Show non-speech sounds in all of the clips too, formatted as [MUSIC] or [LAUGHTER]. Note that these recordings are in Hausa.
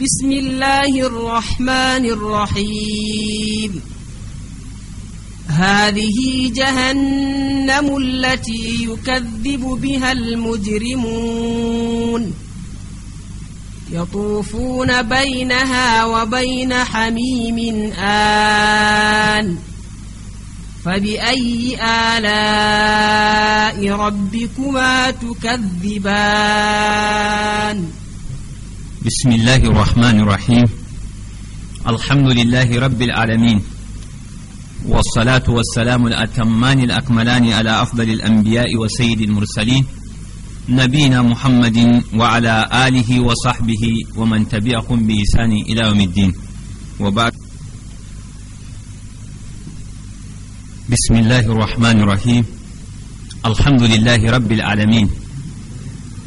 بسم الله الرحمن الرحيم هذه جهنم التي يكذب بها المجرمون يطوفون بينها وبين حميم آن فبأي آلاء ربكما تكذبان بسم الله الرحمن الرحيم الحمد لله رب العالمين والصلاة والسلام الأتمان الأكملان على أفضل الأنبياء وسيد المرسلين نبينا محمد وعلى آله وصحبه ومن تبعهم بإحسان إلى يوم الدين وبعد بسم الله الرحمن الرحيم الحمد لله رب العالمين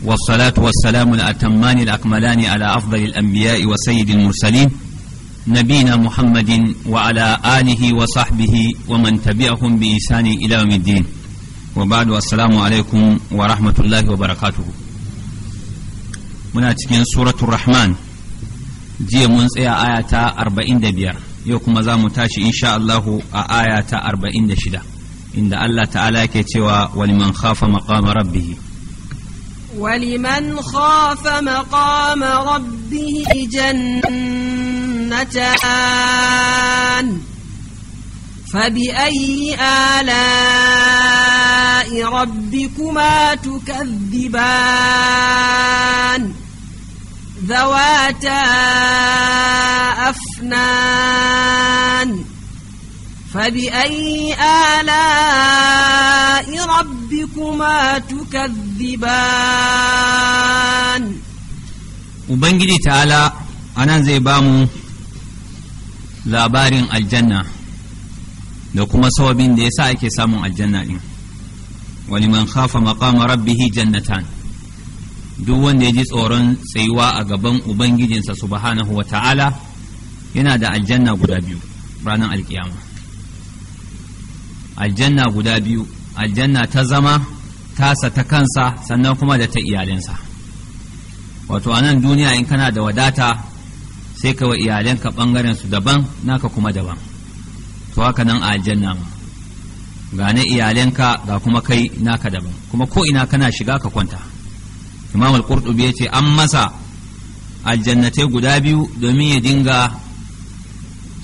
والصلاة والسلام الأتمان الأكملان على أفضل الأنبياء وسيد المرسلين نبينا محمد وعلى آله وصحبه ومن تبعهم بإحسان إلى يوم الدين وبعد والسلام عليكم ورحمة الله وبركاته muna cikin suratul rahman jiya mun tsaya aya ta 45 yau kuma za mu tashi insha Allahu a aya ta 46 inda Allah ta'ala yake cewa waliman khafa maqama rabbih ولمن خاف مقام ربه جنتان فبأي آلاء ربكما تكذبان ذواتا أفنان فبأي آلاء ربكما تكذبان Ubangiji ta'ala a nan zai ba mu labarin aljanna da kuma sawabin da ya sa ake samun aljanna ɗin wani man khafa maqama rabbihi jannatan duk wanda ya ji tsoron tsayuwa a gaban ubangijinsa subhanahu wa ta'ala yana da aljanna guda biyu ranar alkiyama aljanna guda biyu aljanna ta zama tasa ta kansa sannan kuma da ta iyalinsa wato anan duniya in kana da wadata sai ka wa iyalanka bangaren su daban naka kuma daban to haka nan a aljanna ga na iyalinka ga kuma kai naka daban kuma ko ina kana shiga ka kwanta imam al-qurtubi yace an masa aljannatai guda biyu domin ya dinga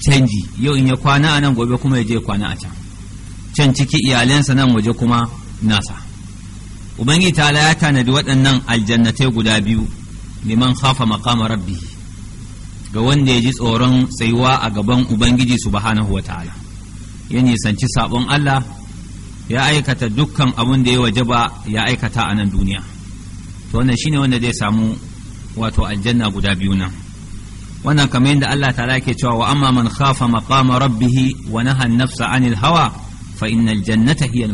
canji yau in ya kwana a gobe kuma ya je kwana a can can ciki iyalansa nan waje kuma nasa ubangiji ta'ala ya tanadi waɗannan aljannatai guda biyu liman khafa maqama rabbi ga wanda ya ji tsoron tsayuwa a gaban ubangiji subhanahu wa ta'ala ya nisanci sabon Allah ya aikata dukkan abin da ya wajaba ya aikata a nan duniya to wannan shine wanda zai samu wato aljanna guda biyu nan wannan kamar yadda Allah ta'ala ke cewa wa amma man khafa maqama rabbih wa nahan nafsa anil hawa fa innal jannata hiya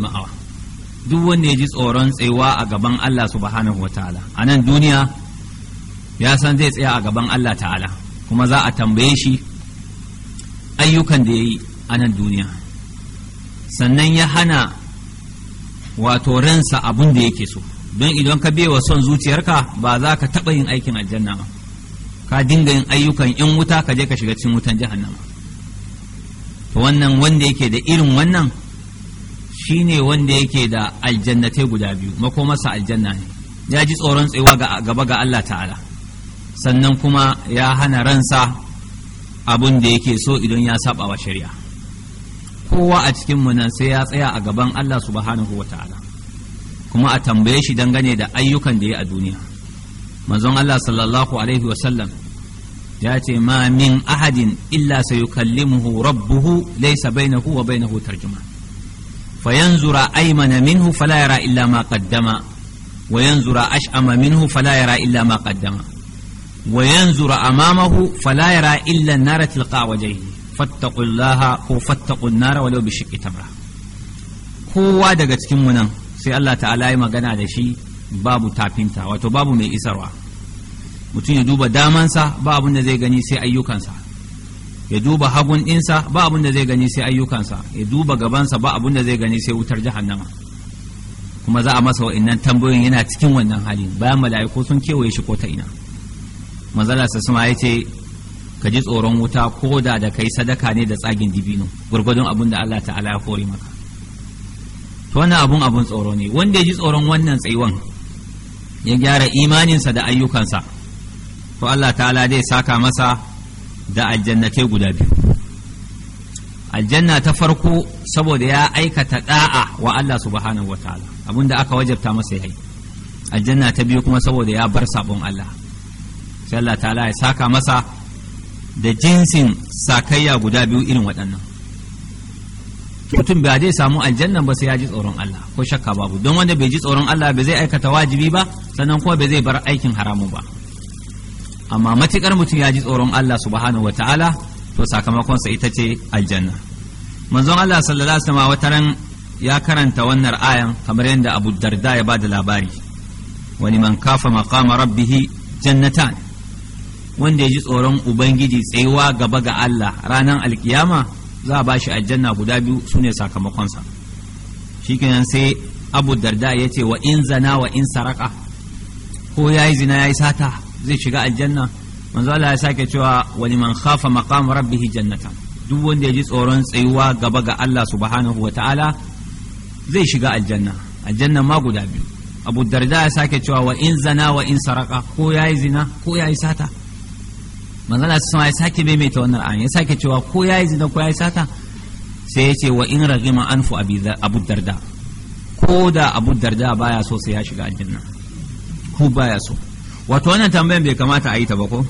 duk wanda ya ji tsoron tsayuwa a gaban Allah subhanahu wataala a nan duniya ya san zai tsaya a gaban Allah ta'ala kuma za a tambaye shi ayyukan da ya yi a duniya sannan ya hana wato ransa abun da yake so don idan ka wa son zuciyarka ba za ka taɓa yin aikin aljanna ba ka dinga yin ayyukan in wuta ka je ka shiga cikin wutan jahannama to wannan wanda yake da irin wannan Shi ne wanda yake da aljannatai guda biyu makomarsa aljanna ne ya ji tsoron tsayuwa gaba ga Allah ta'ala sannan kuma ya hana ransa abun da yake so idan ya saba wa shari'a kowa a cikin nan sai ya tsaya a gaban Allah subhanahu wa ta'ala kuma a tambaye shi dangane da ayyukan da ya a duniya manzon Allah sallallahu alaihi wa ya ce ma min ahadin illa sayukallimuhu rabbuhu laysa bainahu wa bainahu tarjuma fayanzura aymana minhu fala yara illa ma qaddama wa yanzura ash'ama minhu fala yara illa ma qaddama wa yanzura amamahu fala yara illa an-nara tilqa wajhihi fattaqullaha ko fattaqun nara walau bi shiqqi tamra kowa daga cikin mu nan sai Allah ta'ala ya magana da shi babu tafinta wato babu mai isarwa mutum ya duba damansa ba da zai gani sai ayyukansa ya duba hagun ɗinsa ba abin da zai gani sai ayyukansa ya duba gabansa ba abin da zai gani sai wutar jahannama kuma za a masa wa'innan tambayoyin yana cikin wannan hali bayan mala'iku sun kewaye shi ko ta ina manzala sa suma ya ce ka ji tsoron wuta ko da da kai sadaka ne da tsagin dibino gurgudun abin da Allah ta'ala ya kore maka to wannan abun abun tsoro ne wanda ya ji tsoron wannan tsaiwan ya gyara imaninsa da ayyukansa to Allah ta'ala zai saka masa da aljannatai guda biyu aljanna ta farko saboda ya aikata da'a wa Allah subhanahu wa ta'ala abinda aka wajabta masa yayi aljanna ta biyu kuma saboda ya bar sabon Allah sai Allah ta'ala ya saka masa da jinsin sakayya guda biyu irin waɗannan mutum ba zai samu aljanna ba sai ya ji tsoron Allah ko shakka babu don wanda bai ji tsoron Allah ba zai aikata wajibi ba sannan kuma ba zai bar aikin haramun ba amma matukar mutum ya ji tsoron Allah subhanahu ta'ala to sakamakon sa ita ce aljanna manzon Allah sallallahu alaihi wasallam wataran ya karanta wannan ayan kamar yadda Abu Darda ya bada labari wani man kafa maqama rabbih jannatan wanda ya ji tsoron ubangiji tsayuwa gaba ga Allah ranar alkiyama za a bashi aljanna guda biyu sune sakamakon sa shikenan sai Abu Darda ya ce wa in zana wa in saraka ko yayi zina yayi sata zai shiga aljanna manzo Allah ya sake cewa wani man khafa maqam rabbihi jannata duk wanda ya ji tsoron tsayuwa gaba ga Allah subhanahu wataala zai shiga aljanna aljanna ma guda biyu abu darda ya sake cewa wa in zana wa in saraka ko yayi zina ko yayi sata manzo Allah sama ya sake maimaita wannan ayan ya sake cewa ko yayi zina ko yayi sata sai ya ce wa in ragima anfu abu darda ko da abu darda baya so sai ya shiga aljanna ko baya so wato wannan tambayan bai kamata a yi ta ba ko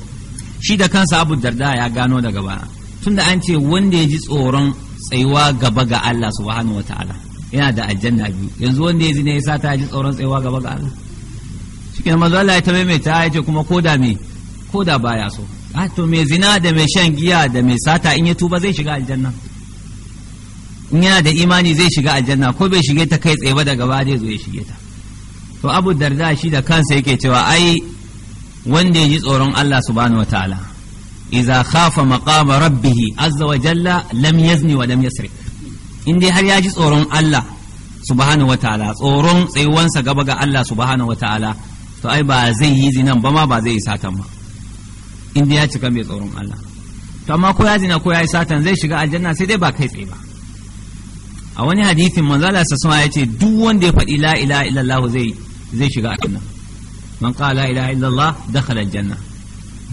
shi da kansa abu darda ya gano daga baya tunda an ce wanda ya ji tsoron tsayuwa gaba ga Allah subhanahu ta'ala yana da aljanna biyu yanzu wanda ya ji ne yasa ta ji tsoron tsayuwa gaba ga Allah shikenan manzo Allah ya tabe mai ta ya ce kuma koda me koda baya so a ah, to mai zina da mai shan giya da mai sata in ya tuba zai shiga aljanna in yana da imani zai shiga aljanna ko bai shige ta kai tsaye ba daga baya zai zo ya shige ta to abu darda shi da kansa yake cewa ai wanda ya ji tsoron Allah subhanahu wa ta'ala iza khafa maqama rabbih azza wa jalla lam yazni wa lam yasrik in dai har ya ji tsoron Allah subhanahu wa ta'ala tsoron tsayuwansa gaba ga Allah subhanahu wa ta'ala to ai ba zai yi zinan ba ma ba zai yi satan ba in dai ya cika mai tsoron Allah to amma ko ya zina ko ya yi satan zai shiga aljanna sai dai ba kai tsaye ba a wani hadithin manzala sassama ya ce duk wanda ya faɗi la ilaha illallah zai zai shiga aljanna man qala la ilaha illallah dakhala aljanna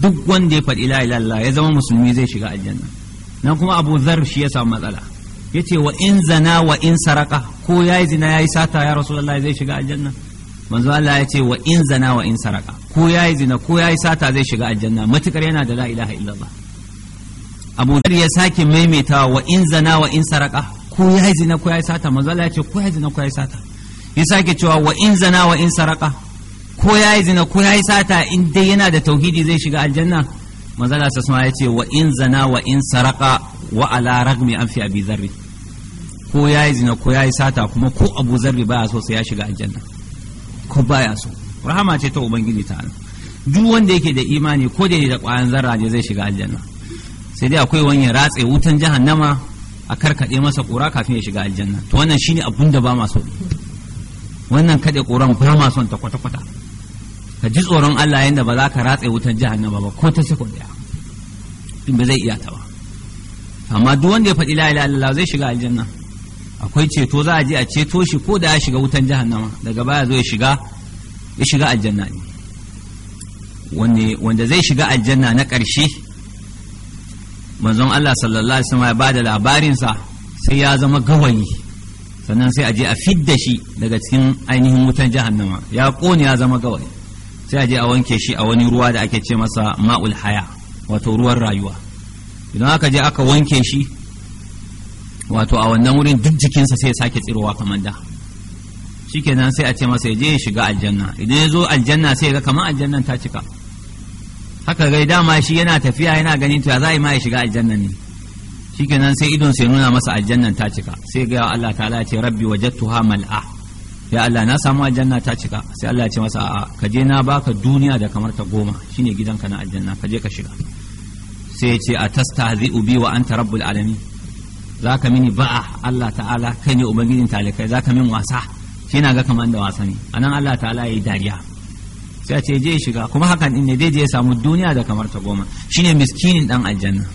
duk wanda ya faɗi la ilaha illallah ya zama musulmi zai shiga aljanna nan kuma Abu Dharr shi ya samu matsala yace wa in zana wa in saraka ko ya yi zina ya yi sata ya rasulullah zai shiga aljanna manzo Allah ya ce wa in zana wa in saraka ko ya yi zina ko ya yi sata zai shiga aljanna matukar yana da la ilaha illallah Abu Dharr ya sake maimaita wa in zana wa in saraka ko ya yi zina ko ya yi sata manzo Allah ya ce ko yi zina ko ya yi sata ya sake cewa wa in zana wa in saraka ko ya yi zina ko ya yi sata in dai yana da tauhidi zai shiga aljanna manzala sassama ya ce wa in zana wa in saraka wa ala ragmi an fi abi zarri ko ya yi zina ko ya yi sata kuma ko abu zarri baya so sai ya shiga aljanna ko baya so rahama ce ta ubangiji ta ala duk wanda yake da imani ko da da kwayan zarra ne zai shiga aljanna sai dai akwai wani ratse wutan jahannama a karkade masa kura kafin ya shiga aljanna to wannan shine abin da ba ma so wannan kade ƙuran ba ma son ta kwata-kwata ka ji tsoron Allah yadda ba za ka ratse wutar jahannama ba ko ta sako daya in ba zai iya ta ba amma duk wanda ya faɗi la ilaha illallah zai shiga aljanna akwai ceto za a je a ceto shi ko da ya shiga wutan jahannama daga baya zo ya shiga ya shiga aljanna ne wanne wanda zai shiga aljanna na ƙarshe manzon Allah sallallahu alaihi wasallam ya bada labarinsa sai ya zama gawayi sannan sai a je a fidda shi daga cikin ainihin wutan jahannama ya kone ya zama gawayi sai a je a wanke shi a wani ruwa da ake ce masa ma'ul haya wato ruwan rayuwa idan aka je aka wanke shi wato a wannan wurin duk jikinsa sai ya sake tsirowa kamar da shikenan sai a ce masa ya je ya shiga aljanna idan ya zo aljanna sai ga kamar aljannan ta cika haka gai dama shi yana tafiya yana ganin to ya za ma ya shiga aljanna ne shikenan sai idon sai nuna masa aljannan ta cika sai ga Allah ta'ala ce rabbi wajadtuha mal'a ya Allah na samu aljanna ta cika sai Allah ya ce masa a'a ka je na baka duniya da kamar ta goma shine gidanka na aljanna ka je ka shiga sai ya ce a tastahzi'u bi wa anta rabbul alamin zaka mini ba'a Allah ta'ala kai ne ubangijin talikai zaka min wasa kina ga kamar da wasa ne anan Allah ta'ala yayi dariya sai ya ce je shiga kuma hakan din ne dai je ya samu duniya da kamar ta goma shine miskinin dan aljanna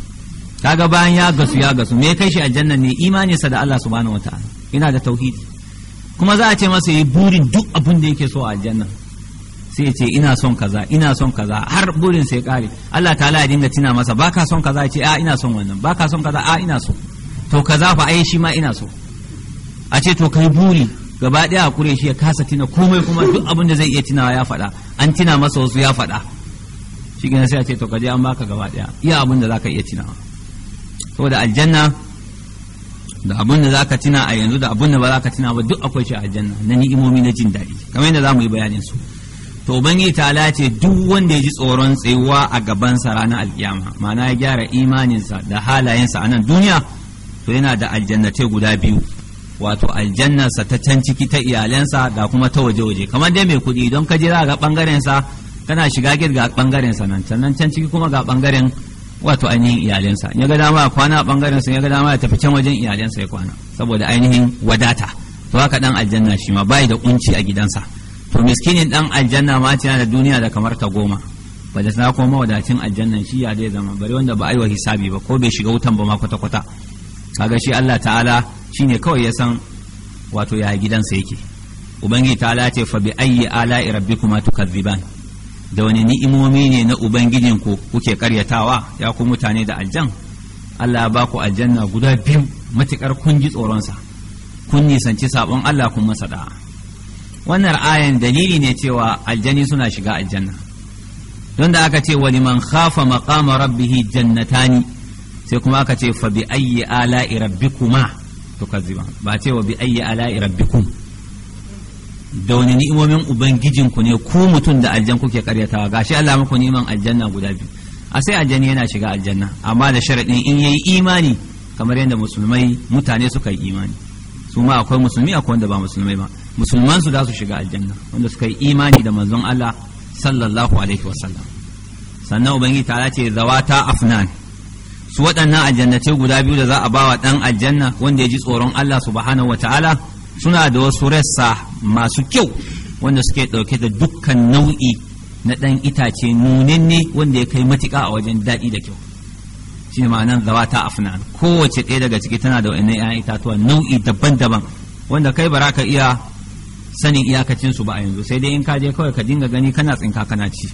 kaga bayan ya gasu ya gasu me kai shi aljanna ne imaninsa da Allah subhanahu wataala ina da tauhidi kuma za a ce masa yi burin duk abin da yake so a aljanna sai ce ina son kaza ina son kaza har burin sai kare Allah ta'ala ya dinga tina masa baka son kaza ya ce a ina son wannan baka son kaza a ina so to kaza fa ai shi ma ina so a ce to kai buri gaba daya kure shi ya kasa tina komai kuma duk abin da zai iya tinawa ya faɗa an tina masa wasu ya faɗa shi sai a ce to kaje an baka gaba daya iya abin da zaka iya tinawa saboda aljanna da abin da zaka tuna a yanzu da abin da ba zaka tuna ba duk akwai shi a aljanna na ni'imomi na jin daɗi kamar yadda zamu yi bayanin su to ubangiji ta ce duk wanda ya ji tsoron tsayuwa a gaban sa ranar alkiyama ma'ana ya gyara imaninsa da halayensa a nan duniya to yana da aljannatai guda biyu wato aljannarsa ta can ciki ta iyalansa da kuma ta waje-waje kamar dai mai kuɗi don ka jira ga ɓangarensa kana shiga gid ga ɓangarensa nan can can ciki kuma ga bangaren wato ainihin iyalinsa ya ga dama kwana a bangaren sa ya ga dama ya tafi can wajen iyalinsa ya kwana saboda ainihin wadata to haka dan aljanna shi ma bai da kunci a gidansa to miskinin dan aljanna ma tana da duniya da kamar ta goma ba da ta kuma mawadacin aljannan shi ya dai zama bari wanda ba a wa hisabi ba ko bai shiga wutan ba ma kwata kwata kaga shi Allah ta'ala shine kawai ya san wato ya gidansa yake ubangiji ta'ala ce fa bi ayyi ala'i rabbikuma tukazziban da wani ni'imomi ne na ubangijin ku kuke karyatawa ya ku mutane da aljan Allah ya baku aljanna guda biyu matukar kun ji tsoronsa kun nisanci sabon Allah kun masa da wannan ayan dalili ne cewa aljani suna shiga aljanna don da aka ce wani man khafa maqama rabbih jannatani sai kuma aka ce fa bi ayyi ala'i rabbikuma kaziba ba ce wa bi ayyi ala'i rabbikum da wani ni'imomin ubangijinku ne ku mutum da aljan kuke karyatawa gashi Allah muku ni'iman aljanna guda biyu a sai aljani yana shiga aljanna amma da sharadin in yayi imani kamar yadda musulmai mutane suka yi imani su ma akwai musulmi akwai wanda ba musulmai ba musulman su za su shiga aljanna wanda suka yi imani da manzon Allah sallallahu alaihi wasallam sannan ubangiji ta ce zawata afnan su waɗannan aljannace guda biyu da za a bawa ɗan aljanna wanda ya ji tsoron Allah subhanahu wataala suna da wasu rassa masu kyau wanda suke ɗauke da dukkan nau'i na ɗan itace nunanne wanda ya kai matuƙa a wajen daɗi da kyau shi ne ma'anar zawata afnan kowace ɗaya daga ciki tana da wa'annan 'ya'yan itatuwa nau'i daban-daban wanda kai ba ka iya sanin iyakacinsu ba a yanzu sai dai in ka je kawai ka dinga gani kana tsinka kana ci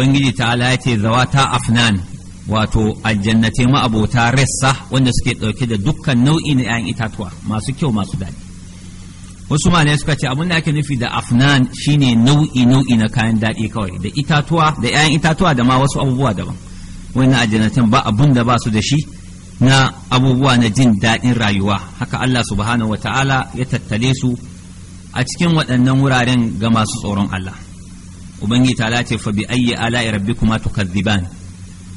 ubangiji ta ya ce zawata afnan wato aljannate ma'abota rassa wanda suke ɗauke da dukkan nau'i na 'ya'yan itatuwa masu kyau masu daɗi wasu malai suka ce abin da ake nufi da afnan shine nau'i nau'i na kayan daɗi kawai da itatuwa da 'ya'yan itatuwa da ma wasu abubuwa daban wannan aljannatin ba abun da ba su da shi na abubuwa na jin daɗin rayuwa haka Allah subhanahu wataala ya tattale su a cikin waɗannan wuraren ga masu tsoron Allah Ubangiji ta lace fa bi ayyi ala'i rabbikuma tukadziban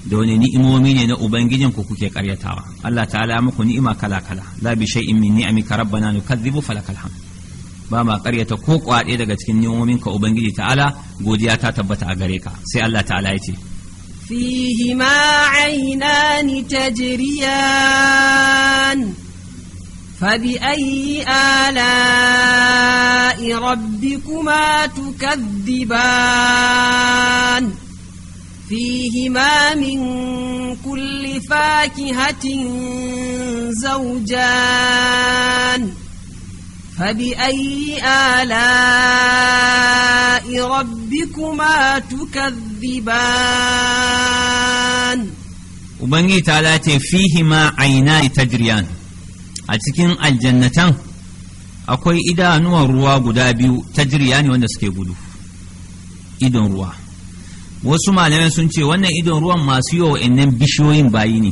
da wani ni'imomi ne na ubangijin ku kuke karyatawa Allah ta'ala muku ni'ima kala kala la bi shay'in min ni'amika rabbana nukadzibu falakal hamd ba ma karyata ko kwade daga cikin ni'imomin ka ubangiji ta'ala godiya ta tabbata a gare ka sai Allah ta'ala ya ce فيهما عينان تجريان فبأي آلاء ربكما تكذبان فيهما من كل فاكهة زوجان فبأي آلاء ربكما تكذبان وبنيت تعالى فيهما عينان تجريان a cikin aljannatan akwai idanuwan ruwa guda biyu ta jirya ne wanda suke gudu idon ruwa wasu malamai sun ce wannan idon ruwan masu yi wa bishiyoyin bayi ne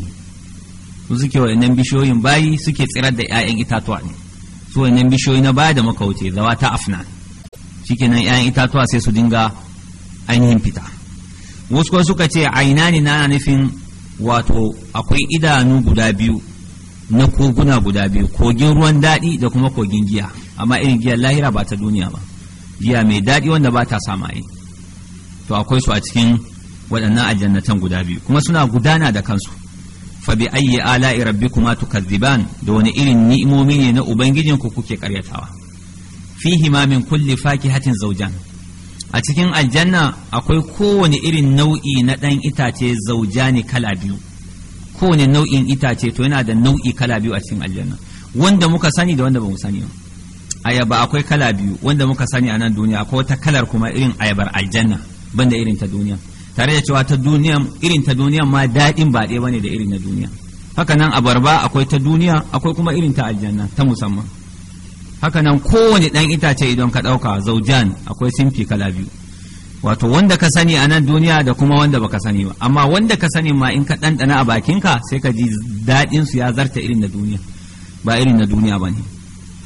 su suke wa bishiyoyin bayi suke tsirar da 'ya'yan itatuwa ne su wa'annan bishiyoyi na baya da maka wuce zawa ta afna nan 'ya'yan itatuwa sai su dinga ainihin fita wasu suka ce aina ne na nufin wato akwai idanu guda biyu na koguna guda biyu kogin ruwan daɗi da kuma kogin giya amma irin giyar lahira ba ta duniya ba giya mai daɗi wanda ba ta samaye to akwai su a cikin waɗannan aljannatan guda biyu kuma suna gudana da kansu fa bi ayyi ala'i rabbikuma tukadziban da wani irin ni'imomi ne na ubangijin ku kuke karyatawa fihi ma min kulli fakihatin zawjan a cikin aljanna akwai kowane irin nau'i na ɗan itace zaujani kala biyu kowane nau'in itace to yana da nau'i kala biyu a cikin aljanna wanda muka sani da wanda ba mu sani ba ayaba akwai kala biyu wanda muka sani a nan duniya akwai wata kalar kuma irin ayabar aljanna banda irin ta duniya tare da cewa ta duniya irin ta duniya ma daɗin ba ɗaya bane da irin na duniya haka nan abarba akwai ta duniya akwai kuma irin ta aljanna ta musamman haka nan kowane ɗan itace idan ka ɗauka zaujan akwai simfi kala biyu wato wanda ka sani a nan duniya da kuma wanda baka sani ba amma wanda ka sani ma in ka ɗanɗana a bakinka sai ka ji daɗin su ya zarta irin na duniya ba irin na duniya ba ne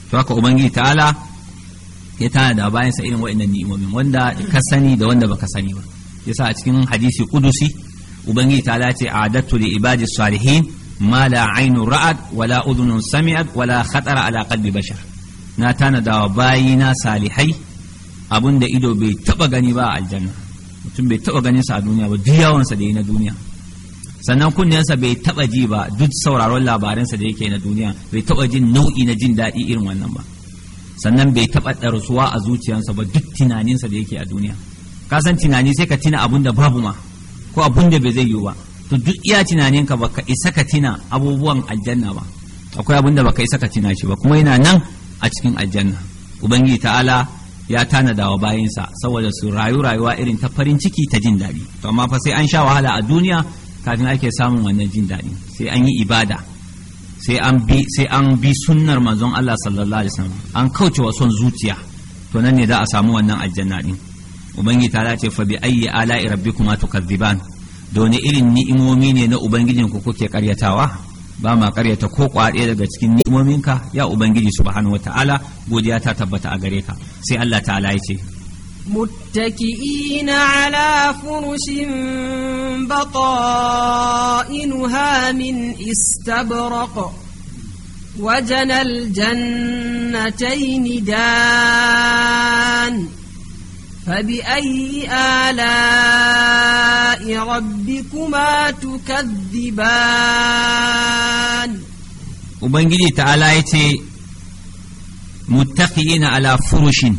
to haka ubangiji ta'ala ya tana da bayansa irin waɗannan ni'imomin wanda ka sani da wanda baka sani ba yasa a cikin hadisi kudusi ubangiji ta'ala ce adattu li ibadi salihin ma la ainu ra'at wala udhunun sami'at wala khatara ala qalbi bashar na tana da bayina salihai abin da ido bai taba gani ba a aljanna mutum bai taba ganin sa a duniya ba duk yawansa da yi na duniya sannan sa bai taba ji ba duk sauraron labaransa da yake na duniya bai taba jin nau'i na jin daɗi irin wannan ba sannan bai taba ɗarsuwa a zuciyarsa ba duk tunaninsa da yake a duniya ka san tunani sai ka tina abun da babu ma ko abun da bai zai yiwu ba to duk iya tunaninka ba ka isa ka tina abubuwan aljanna ba akwai abun da baka isa ka tina shi ba kuma yana nan a cikin aljanna ubangiji ta'ala ya tanada wa bayansa saboda su rayu rayuwa irin ta farin ciki ta jin daɗi to amma fa sai an sha wahala a duniya kafin ake samun wannan jin daɗi sai an yi ibada sai an bi sai an bi sunnar manzon Allah sallallahu alaihi wasallam an kauce wa son zuciya to nan ne za a samu wannan aljanna din ubangi ta ce fa bi ayyi ala'i rabbikuma tukadhiban da wani irin ni'imomi ne na ubangijinku kuke karyatawa ba ma karyata ko kwaɗe daga cikin ni'imominka ya ubangiji subhanahu wata'ala godiya ta tabbata a gare ka sai Allah ta'ala ya ce متكئين على فرش بطائنها من استبرق وجنى الجنتين دان فبأي آلاء ربكما تكذبان Ubangiji ta'ala ya ce, muttaqina ala furushin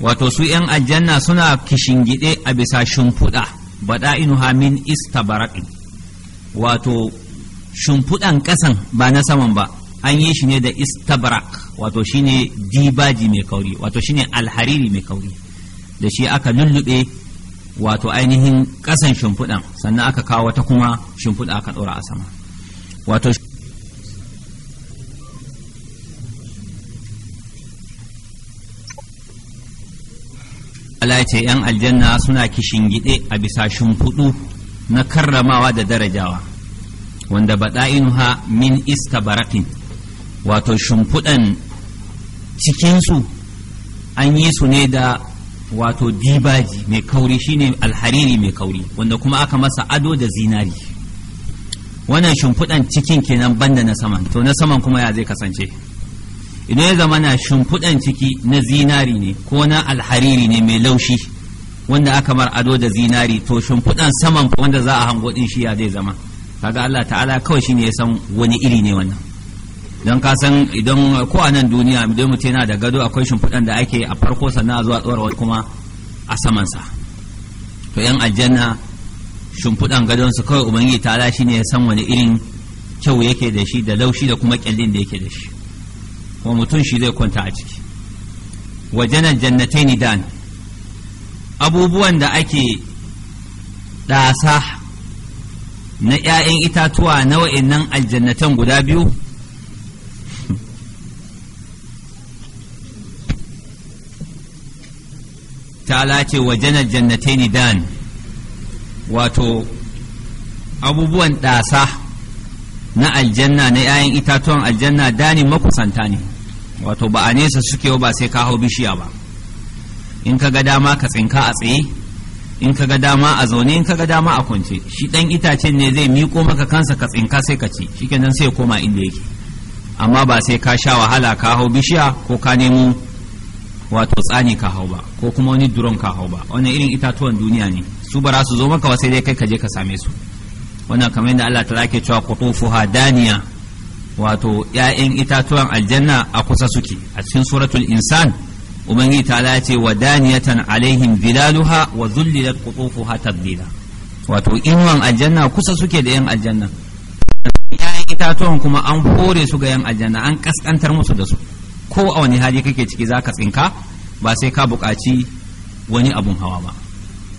wato su ‘yan aljanna suna kishingide a bisa shimfiɗa baɗa'inuha min istabaraƙin wato shimfiɗan ƙasan ba na saman ba an yi shi ne da istabarak wato shine dibaji mai kauri wato shine alhariri mai kauri da shi aka lullube wato ainihin ƙasan shimfiɗan sannan aka kawo wata kuma shimfiɗa aka ɗora a sama wato ce ‘yan aljanna suna kishin a bisa shimfiɗu na karramawa da darajawa wanda baɗa'inuha min istabaratin wato shimfiɗan cikinsu an yi su ne da wato dibaji mai kauri shine alhariri mai kauri wanda kuma aka masa ado da zinari wannan shimfiɗan cikin kenan banda na saman to na saman kuma ya zai kasance idan ya zama na shimfiɗan ciki na zinari ne ko na alhariri ne mai laushi wanda aka mar ado da zinari to shimfiɗan saman wanda za a hango ɗin shi ya zai zama kaga Allah ta'ala kawai shine ya san wani iri ne wannan don ka san idan ko a nan duniya idan mutum yana da gado akwai shimfiɗan da ake a farko sannan zuwa tsora kuma a samansa to yan aljanna shimfiɗan su kawai ubangiji ta shi ne ya san wani irin kyau yake da shi da laushi da kuma kyallin da yake da shi kuma mutum shi zai kwanta a ciki wajen jannatai ni dan abubuwan da ake ɗasa na ‘ya'yan itatuwa na nan aljannatan guda biyu ta'ala ce wa janar jannatai ni dan wato abubuwan ɗasa na aljanna na 'ya'yan itatuwan aljanna dani makusanta ne wato ba a nesa suke ba sai ka hau bishiya ba in ka ga dama ka tsinka a tsaye in ka ga dama a zaune in ka ga dama a kwance shi ɗan itacen ne zai miko maka kansa ka tsinka sai ka ci shi sai ya koma inda yake amma ba sai ka sha wahala ka hau bishiya ko ka nemo wato tsani ka hau ba ko kuma wani duron ka hau ba wannan irin itatuwan duniya ne su ba su zo maka wasai dai kai ka je ka same su wannan kamar yadda Allah ta ke cewa qutufuha daniya wato ‘ya'yan itatuwan aljanna a kusa suke a cikin suratul insan ubangiji ta ce wa daniyatan alaihim zilaluha wa zullilat qutufuha tadlila wato inuwan aljanna kusa suke da yan aljanna ‘ya'yan itatuwan kuma an hore su ga yan aljanna an kaskantar musu da su ko a wani hali kake ciki za ka tsinka ba sai ka buƙaci wani abun hawa ba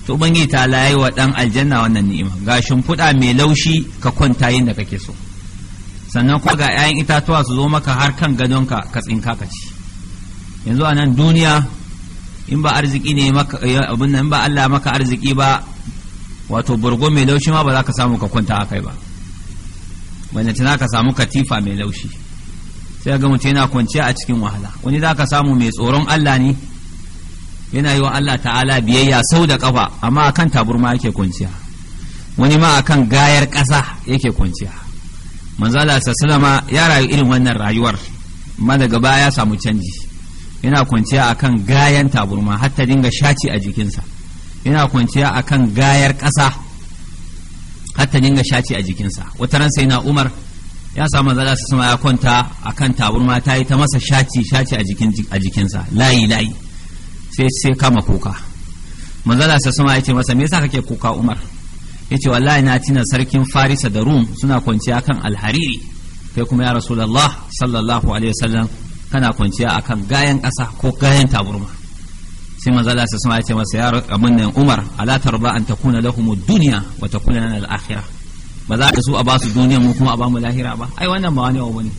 to ubangiji ta layi wa ɗan aljanna wannan ni'ima ga shimfiɗa mai laushi ka kwanta yin da kake so sannan kuma ga 'ya'yan itatuwa su zo maka har kan gadonka ka tsinka ka ci yanzu a duniya in ba arziki ne maka in ba Allah maka arziki ba wato burgo mai laushi ma ba za ka samu ka kwanta akai ba wanda tana ka samu katifa mai laushi sai ga mutum yana kwanciya a cikin wahala wani za ka samu mai tsoron Allah ne yana yi wa Allah ta'ala biyayya sau da kafa amma a kan taburma yake kwanciya wani ma a kan gayar ƙasa yake kwanciya manzala sallama ya rayu irin wannan rayuwar amma daga baya ya samu canji yana kwanciya a kan gayan taburma har dinga shaci a jikinsa yana kwanciya a kan gayar ƙasa har dinga shaci a jikinsa wata ran sai na Umar ya samu zala su sama ya kwanta a kan taburma ta yi ta masa shaci shaci a jikinsa layi layi sai sai kama kuka manzala su sama ya ce masa me yasa kake kuka umar ya ce wallahi na tina sarkin farisa da rum suna kwanciya kan alhariri kai kuma ya rasulallah sallallahu alaihi wasallam kana kwanciya akan gayan ƙasa ko gayan taburma sai manzala su sama ya ce masa ya abin nan umar ala tarba an takuna lahumud duniya wa takuna lana al ba za ka so a ba su duniya mu kuma a ba mu lahira ba ai wannan ba wani abu bane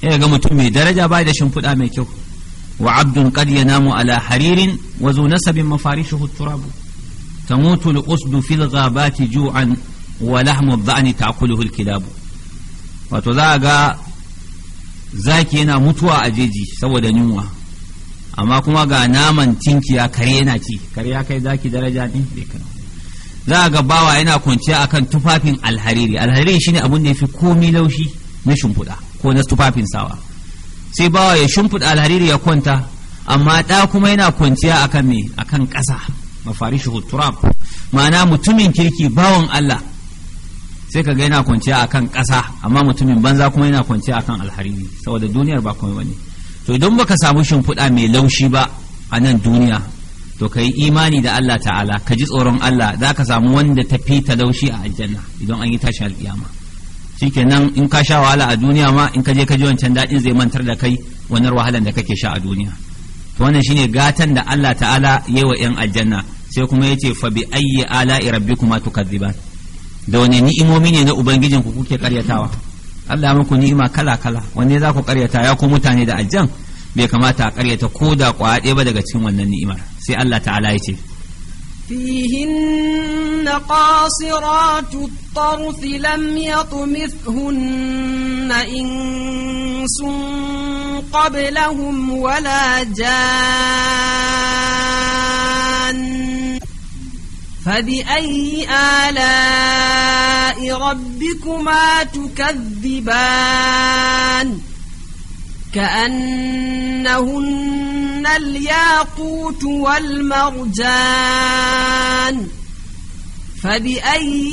sai ga mutum mai daraja ba da shimfiɗa mai kyau wa abdun qad yanamu ala haririn wa zu nasabin mafarishuhu turab tamutu al-usdu fil ghabati ju'an wa lahmu dhani ta'kuluhu al-kilab wato za ga zaki yana mutuwa a jeji saboda yunwa amma kuma ga naman tinkiya kare yana ci kare ya kai zaki daraja ne bai kana za ga bawa yana kwanciya akan tufafin alhariri alhariri shine abun da yafi komi laushi na shimfiɗa ko na tufafin sawa sai bawa ya shimfiɗa alhariri ya kwanta amma ɗa kuma yana kwanciya akan me akan ƙasa mafarishi turab ma'ana mutumin kirki bawan Allah sai ka ga yana kwanciya akan ƙasa amma mutumin banza kuma yana kwanciya akan alhariri saboda duniyar ba komai bane to idan baka samu shimfiɗa mai laushi ba a nan duniya to ka yi imani da Allah ta'ala ka ji tsoron Allah za ka samu wanda ta fi talaushi a aljanna idan an yi tashi alƙiyama shikenan in ka sha wahala a duniya ma in ka je ka ji wancan daɗin zai mantar da kai wannan wahalan da kake sha a duniya to wannan shine gatan da Allah ta'ala yayi wa 'yan aljanna sai kuma yace fa bi ayyi ala'i rabbikuma tukadziban da wani ni'imomi ne na ubangijin ku kuke karyatawa Allah muku ni'ima kala kala wanne za ku karyata ya ku mutane da aljan bai kamata a karyata ko da kwaya ɗaya ba daga cikin wannan ni'imar sai الله تعالى فيهن قاصرات الطرف لم يطمثهن إنس قبلهم ولا جان فبأي آلاء ربكما تكذبان كأنهن الياقوت والمرجان فبأي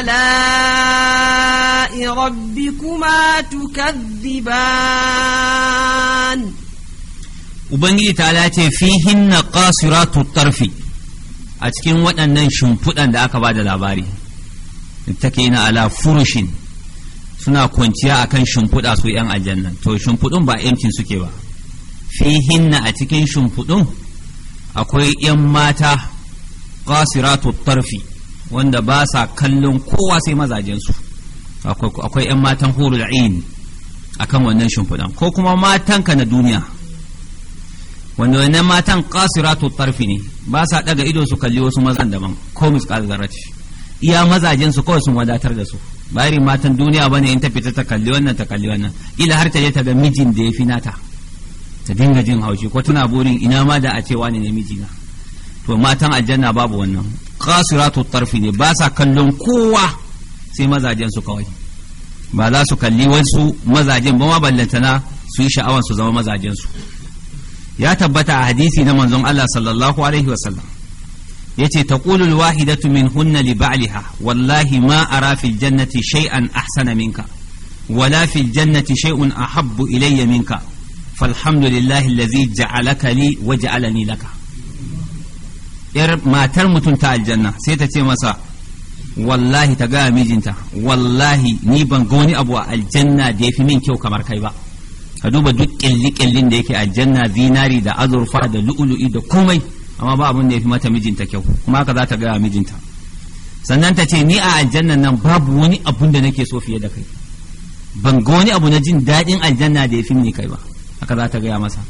آلاء ربكما تكذبان Ubangiji ta ce fihin na ƙasuratu tarfi a cikin waɗannan shimfiɗan da aka ba da labari take na ala furushin suna kwanciya akan shimfiɗa su yan aljanna to shimfiɗun ba yancin suke ba fihinna a cikin shimfiɗun akwai yan mata qasiratu tarfi wanda ba sa kallon kowa sai mazajensu akwai yan matan hurul ain kan wannan shimfiɗan ko kuma ka na duniya wanda wannan matan qasiratu tarfi ne ba sa daga ido su kalli wasu mazan daban ko misqal zarrati iya mazajen su kawai sun wadatar da su bari matan duniya ba ne in ta fita ta kalli wannan ta kalli wannan ila har ta je ta ga mijin da ya fi nata ta dinga jin haushi ko tana burin ina ma da a ce wani ne mijina to matan aljanna babu wannan qasiratu tarfi ne ba sa kallon kowa sai mazajen su kawai ba za su kalli wasu mazajen ba ma ballantana su yi sha'awan su zama mazajen su ya tabbata a hadisi na manzon Allah sallallahu alaihi wasallam yace taqulul wahidatu minhunna li ba'liha wallahi ma ara fil jannati shay'an ahsana minka wala fil jannati shay'un ahabbu ilayya minka falhamdulillahi allazi ja'alaka li wa ja'alani laka yar matar mutum ta aljanna sai ta ce masa wallahi ta ga mijinta wallahi ni ban ga wani abu a aljanna da yafi min kyau kamar kai ba ka duba duk kyalli kyallin da yake aljanna zinari da azurfa da lu'ulu'i da komai amma ba abin da ya fi mata mijinta kyau kuma haka za ta gaya mijinta sannan ta ce ni a aljannan nan babu wani abun da nake so fiye da kai ban ga wani abu na jin daɗin aljanna da ya fi ni kai ba haka za ta gaya masa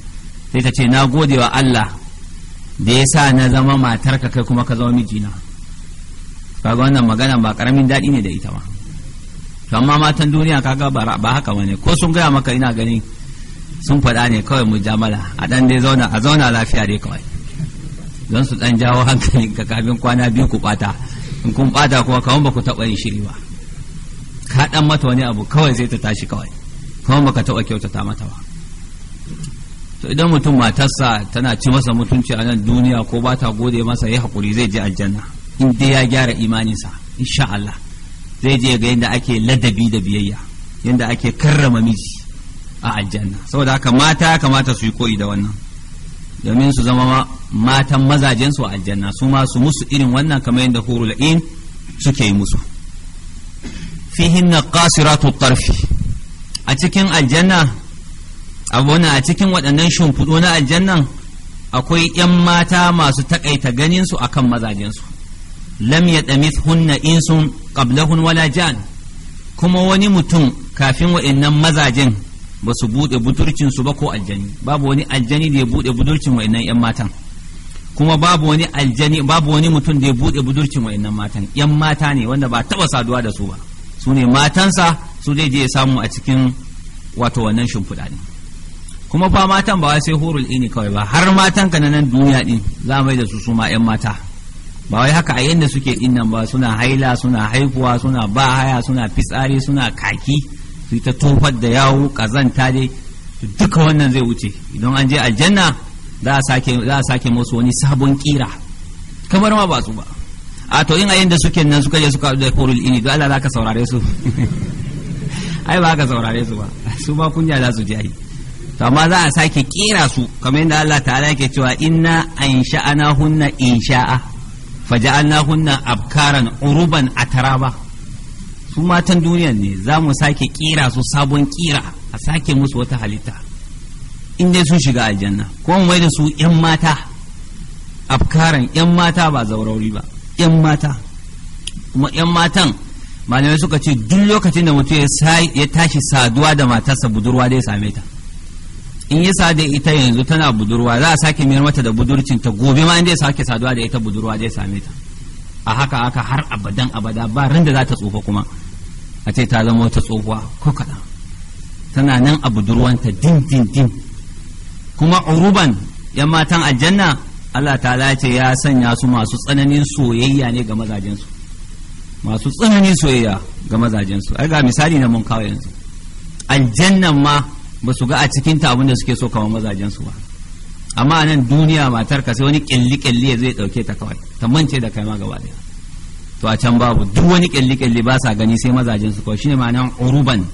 sai ta ce na gode wa Allah da ya sa na zama matarka kai kuma ka zama mijina kaga wannan magana ba karamin daɗi ne da ita ba to amma matan duniya kaga ba haka bane ko sun gaya maka ina gani sun faɗa ne kawai mujamala a ɗan dai zauna a zauna lafiya dai kawai don su dan jawo hankali ga kafin kwana biyu ku bata in kun bata kuma kawai ba ku taɓa yin shiri ba ka dan mata wani abu kawai zai ta tashi kawai kawai baka taɓa kyautata mata ba to idan mutum matarsa tana ci masa mutunci a nan duniya ko ba ta gode masa ya hakuri zai je aljanna in dai ya gyara imaninsa insha Allah zai je ga yadda ake ladabi da biyayya yadda ake karrama miji a aljanna saboda haka mata ya kamata su yi koyi da wannan domin su zama matan mazajen su a aljanna su ma su musu irin wannan kamar yadda hurul in suke yi musu fihinna qasiratu tarfi a cikin aljanna abuna a cikin waɗannan shimfiɗo na aljannan akwai 'yan mata masu taƙaita ganinsu a kan mazajensu lam ya hunna insun wala jan kuma wani mutum kafin waɗannan mazajen ba su buɗe budurcin su ba ko aljani babu wani aljani da ya buɗe budurcin wa'annan yan matan kuma babu wani aljani babu wani mutum da ya buɗe budurcin wa'annan matan yan mata ne wanda ba taba saduwa da su ba su ne matansa su zai je samu a cikin wato wannan shimfiɗa ne kuma ba matan ba wai sai hurul ini kawai ba har matan ka na nan duniya din za mai da su su ma yan mata ba wai haka a yanda suke din nan ba suna haila suna haihuwa suna ba haya suna fitsari suna kaki su yi ta tofar da yawo kazanta dai duka wannan zai wuce idan an je aljanna za a sake za a sake musu wani sabon kira kamar ma ba su ba a to yin ayin da suke nan suka je suka da korul ini da Allah za ka saurare su [LAUGHS] ai ba ka saurare su ba su ba kunya za su ji ai to amma za a sake kira su kamar yadda Allah ta'ala yake cewa inna ansha'anahunna insha'a faja'alnahunna abkaran uruban ataraba su matan duniya ne za mu sake kira su sabon kira a sake musu wata halitta in dai sun shiga aljanna ko mu mai da su yan mata afkaran yan mata ba zaurauri ba yan mata kuma yan matan malamai suka ce duk lokacin da mutum ya tashi saduwa da matarsa budurwa dai same ta in yi sadu ita yanzu tana budurwa za a sake mayar mata da budurcin ta gobe ma in dai sake saduwa da ita budurwa dai same ta a haka haka har abadan abada ba ran da za ta tsufa kuma a ce ta zama wata tsohuwa ko kaɗan tana nan a budurwanta din din din kuma uruban yan matan aljanna Allah ta ce ya sanya su masu tsananin soyayya ne ga mazajensu masu tsananin soyayya ga mazajensu ai ga misali na mun kawo yanzu aljannan ma ba su ga a cikin ta abinda suke so kamar mazajensu ba amma nan duniya matar ka sai wani kyalli kyalli zai ɗauke ta kawai ta mance da kai ma gaba ɗaya to a can babu duk wani kyalli-kyalli ba sa gani sai mazajen su kawai shine ma'anar uruban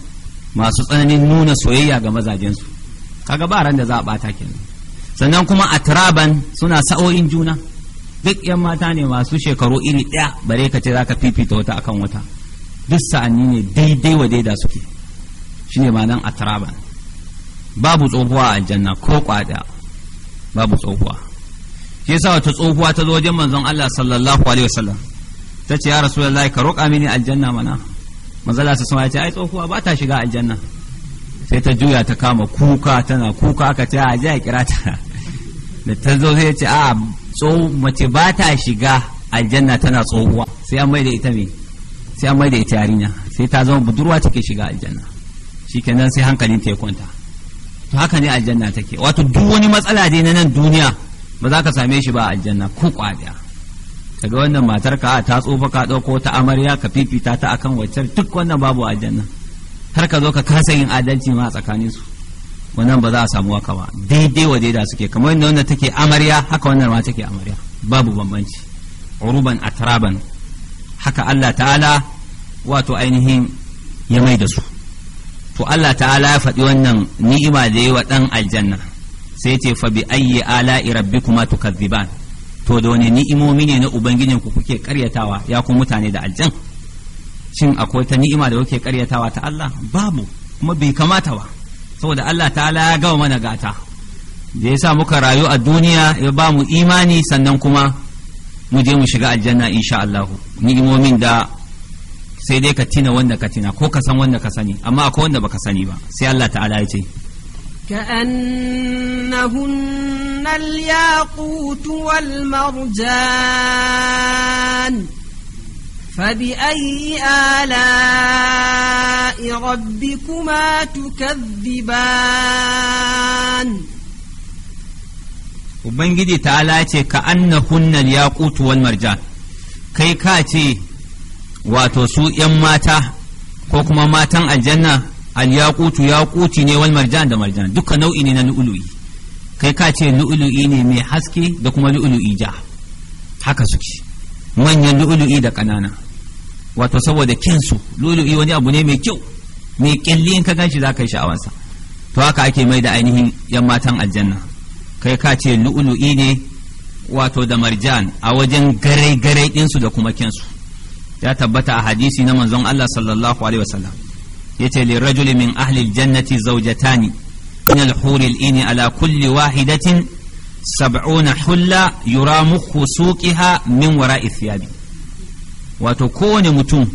masu tsananin nuna soyayya ga mazajen su kaga ba ran da za a bata kenan sannan kuma a turaban suna sa'o'in juna duk yan mata ne masu shekaru iri ɗaya bare ka ce za ka fifita wata akan wata duk sa'anni ne daidai wa daida suke shine ma'anar turaban babu tsohuwa a aljanna ko kwada babu tsohuwa shi yasa wata tsohuwa ta zo wajen manzon Allah sallallahu alaihi wasallam ta ce ya rasu da ka roƙa mini aljanna mana mazala su sama ya ce ai tsohuwa ba ta shiga aljanna sai ta juya ta kama kuka tana kuka aka ta a ya kira ta da ta zo sai ya ce a mace ba ta shiga aljanna tana tsohuwa sai an maida ita me sai an maida ita yarinya sai ta zama budurwa take shiga aljanna shikenan sai hankalin ta ya kwanta to haka ne aljanna take wato duk wani matsala dai na nan duniya ba za ka same shi ba aljanna ko kwadiya kaga wannan matar ka ta tsufa ka dauko ta amarya ka fifita ta akan waccar duk wannan babu aljanna har ka zo ka kasa yin adalci ma a tsakanin su wannan ba za a samu waka ba daidai wa daida suke kamar yadda wannan take amarya haka wannan ma take amarya babu bambanci uruban atraban haka Allah ta'ala wato ainihin ya mai da su to Allah ta'ala ya faɗi wannan ni'ima da yi wa ɗan aljanna sai ce fa bi ayyi ala'i rabbikuma tukazziban to da wani ni'imomi ne na ubangijin ku kuke karyatawa ya ku mutane da aljan shin akwai ta ni'ima da kuke karyatawa ta Allah babu kuma bai kamata ba saboda Allah ta'ala ya gama mana gata da yasa muka rayu a duniya ya ba mu imani sannan kuma mu je mu shiga aljanna insha Allah ni'imomin da sai dai ka tina wanda ka tina ko ka san wanda ka sani amma akwai wanda baka sani ba sai Allah ta'ala ya ce ka'annahun الياقوت والمرجان فبأي آلاء ربكما تكذبان Ubangiji ta'ala ce ka anna hunnan ya wal marjan kai ka ce wato su ‘yan mata ko kuma matan aljanna al ya yaquti ne wal marjan da marjan duka nau'i ne na lu'ulu'i kai ka ce lu'ulu'i ne mai haske da kuma lu'ulu'i ja haka suke manyan lu'ulu'i da ƙanana wato saboda kinsu lu'ulu'i wani abu ne mai kyau mai kyalli in ka ganshi za ka yi sha'awansa to haka ake mai da ainihin yan matan aljanna kai ka ce lu'ulu'i ne wato da marjan a wajen gare gare ɗinsu da kuma kinsu ya tabbata a hadisi na manzon Allah sallallahu alaihi wasallam yace lirajuli min ahli aljannati zawjatani من الحور الإن على كل واحدة سبعون حلة يرى مخ سوقها من وراء الثياب وتكون متون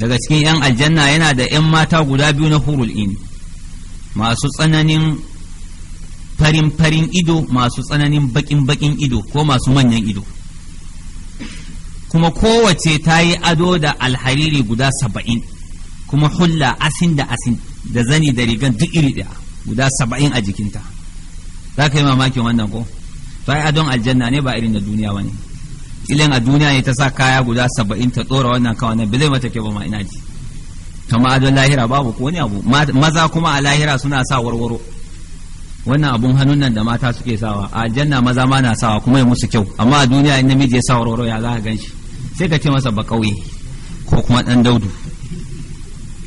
daga cikin 'yan aljanna yana da 'yan mata guda biyu na hurul in masu tsananin farin farin ido masu tsananin bakin bakin ido ko masu manyan ido kuma kowace ta yi ado da alhariri guda saba'in kuma hulla asin da asin da zani da rigan duk iri ɗaya guda saba'in a jikinta za ka yi mamakin wannan ko to yi adon aljanna ne ba irin da duniya wani ilin a duniya ne ta sa kaya guda saba'in ta tsora wannan kawai nan bilai mata kyau ba ma ina ji kama adon lahira babu ko wani abu maza kuma a lahira suna sa warwaro wannan abun hannun nan da mata suke sawa a aljanna maza ma na sawa kuma ya musu kyau amma a duniya in namiji ya sa warwaro ya za a gan shi sai ka ce masa ba kauye ko kuma dan daudu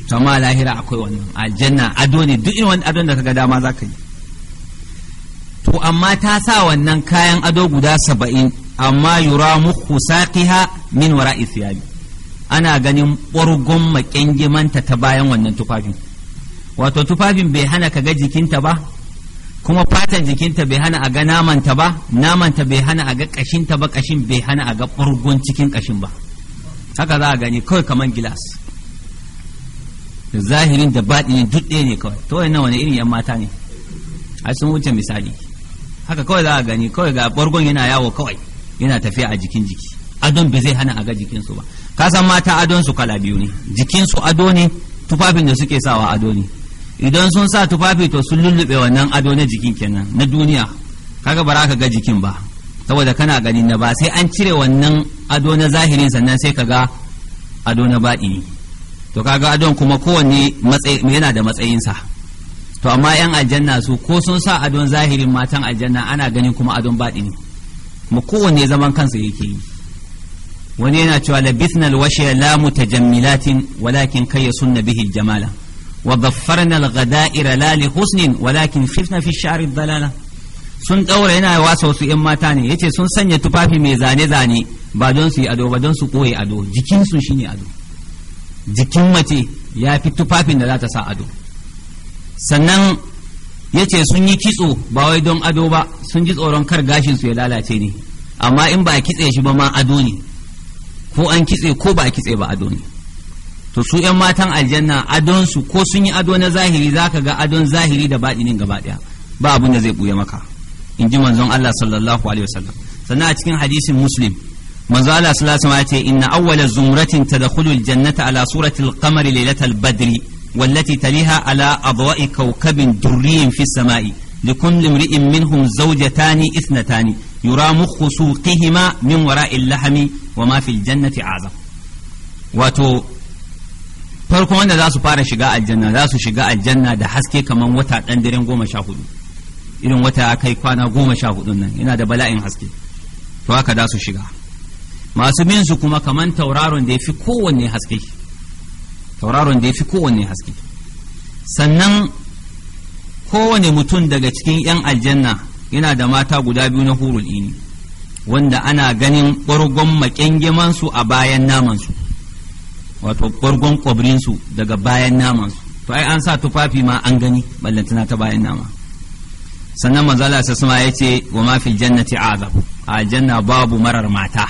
to amma lahira akwai wannan aljanna ado ne duk irin wani adon da kaga dama za ka yi to amma ta sa wannan kayan ado guda saba'in amma yura muku saqiha min wara isiyabi ana ganin ɓurgun makengimanta ta bayan wannan tufafin wato tufafin bai hana ka ga jikinta ba kuma fatan jikinta bai hana a ga namanta ba namanta bai hana a ga kashinta ba kashin bai hana a ga cikin kashin ba haka za a gani kawai kamar gilas da zahirin da baɗinin duk ɗaya ne kawai to wani wani irin yan mata ne a sun wuce misali haka kawai za a gani kawai ga bargon yana yawo kawai yana tafiya a jikin jiki adon ba zai hana a ga jikinsu ba ka san mata adon su kala biyu ne jikinsu ado ne tufafin da suke sawa ado ne idan sun sa tufafi to sun lullube wannan ado na jikin kenan na duniya kaga ba ka ga jikin ba saboda kana gani na ba sai an cire wannan ado na zahirin sannan sai ka ga ado na baɗi ne to kaga adon kuma kowanne yana da matsayinsa to amma yan aljanna su ko sun sa adon zahirin matan aljanna ana ganin kuma adon baɗi ne kuma kowanne zaman kansa yake yi wani yana cewa labithna alwashiya la mutajammilatin walakin sunna bihi jamala wa dhaffarna alghada'ira la li husnin walakin khifna fi sha'ri dalala sun daura yana wasa wasu yan mata ne yace sun sanya tufafi mai zane zane ba don su yi ado ba don su koye ado jikinsu shine ado jikin mace ya fi tufafin da za ta sa ado sannan ya ce sun yi kitso ba wai don ado ba sun ji tsoron kar gashin su ya lalace ne amma in ba a kitse shi ba ma ado ne ko an kitse ko ba a kitse ba ado ne to su yan matan aljanna adon su ko sun yi ado na zahiri za ka ga adon zahiri da baɗinin gaba ɗaya ba abin da zai buya maka in ji manzon Allah sallallahu alaihi wasallam sannan a cikin hadisin muslim manzo Allah sallallahu alaihi wasallam ce inna awwala zumratin tadkhulu aljannata ala surati alqamari lailatal badri wallati taliha ala adwa'i kawkabin durriyin fi samai لكل امرئ منهم زوجتان اثنتان يرى مخ سوقهما من وراء اللحم وما في الجنة أعظم wato farko wanda za su fara shiga aljanna za su shiga aljanna da haske kamar wata ɗan daren goma sha hudu irin wata ya kai kwana goma sha hudun nan yana da bala'in haske to haka za su shiga masu bin su kuma kaman tauraron da ya fi kowanne haske tauraron da ya fi kowanne haske sannan kowane mutum daga cikin 'yan aljanna yana da mata guda biyu na hurul ini wanda ana ganin ƙwargon makyangimansu a bayan namansu wato ƙwargon ƙwabrinsu daga bayan namansu to ai an sa tufafi ma an gani ballantana ta bayan nama sannan manzala sassama ya ce wa mafi jannati azab a janna babu marar mata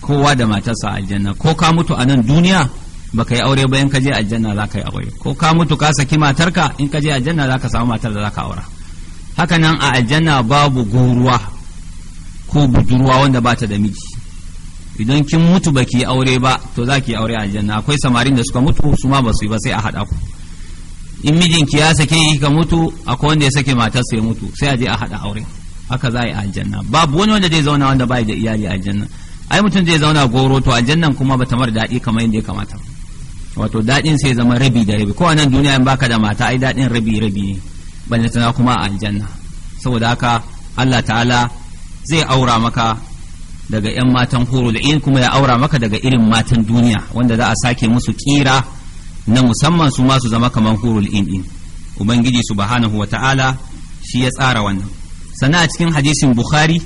kowa da matarsa aljanna ko ka mutu a nan duniya baka yi aure bayan ka je aljanna za ka yi aure ko ka mutu ka saki matarka in ka je aljanna za ka samu matar da za ka aura haka nan a aljanna babu goruwa ko budurwa wanda ba ta da miji idan kin mutu baki yi aure ba to za ki yi aure a aljanna akwai samarin da suka mutu su ma ba su yi ba sai a haɗa ku in mijinki ya sake yi ka mutu akwai wanda ya sake matarsa ya mutu sai a je a haɗa aure haka za a yi aljanna babu wani wanda zai zauna wanda ba da iyali a aljanna ai mutum zai zauna goro to aljannan kuma bata mar daɗi kamar yadda ya kamata wato daɗin sai zama rabi da rabi ko nan duniya in baka da mata ai daɗin rabi rabi ne balle tana kuma a aljanna saboda haka Allah ta'ala zai aura maka daga 'yan matan hurul in kuma ya aura maka daga irin matan duniya wanda za a sake musu kira na musamman su ma su zama kamar hurul in din ubangiji subhanahu wa ta'ala shi ya tsara wannan sannan a cikin hadisin bukhari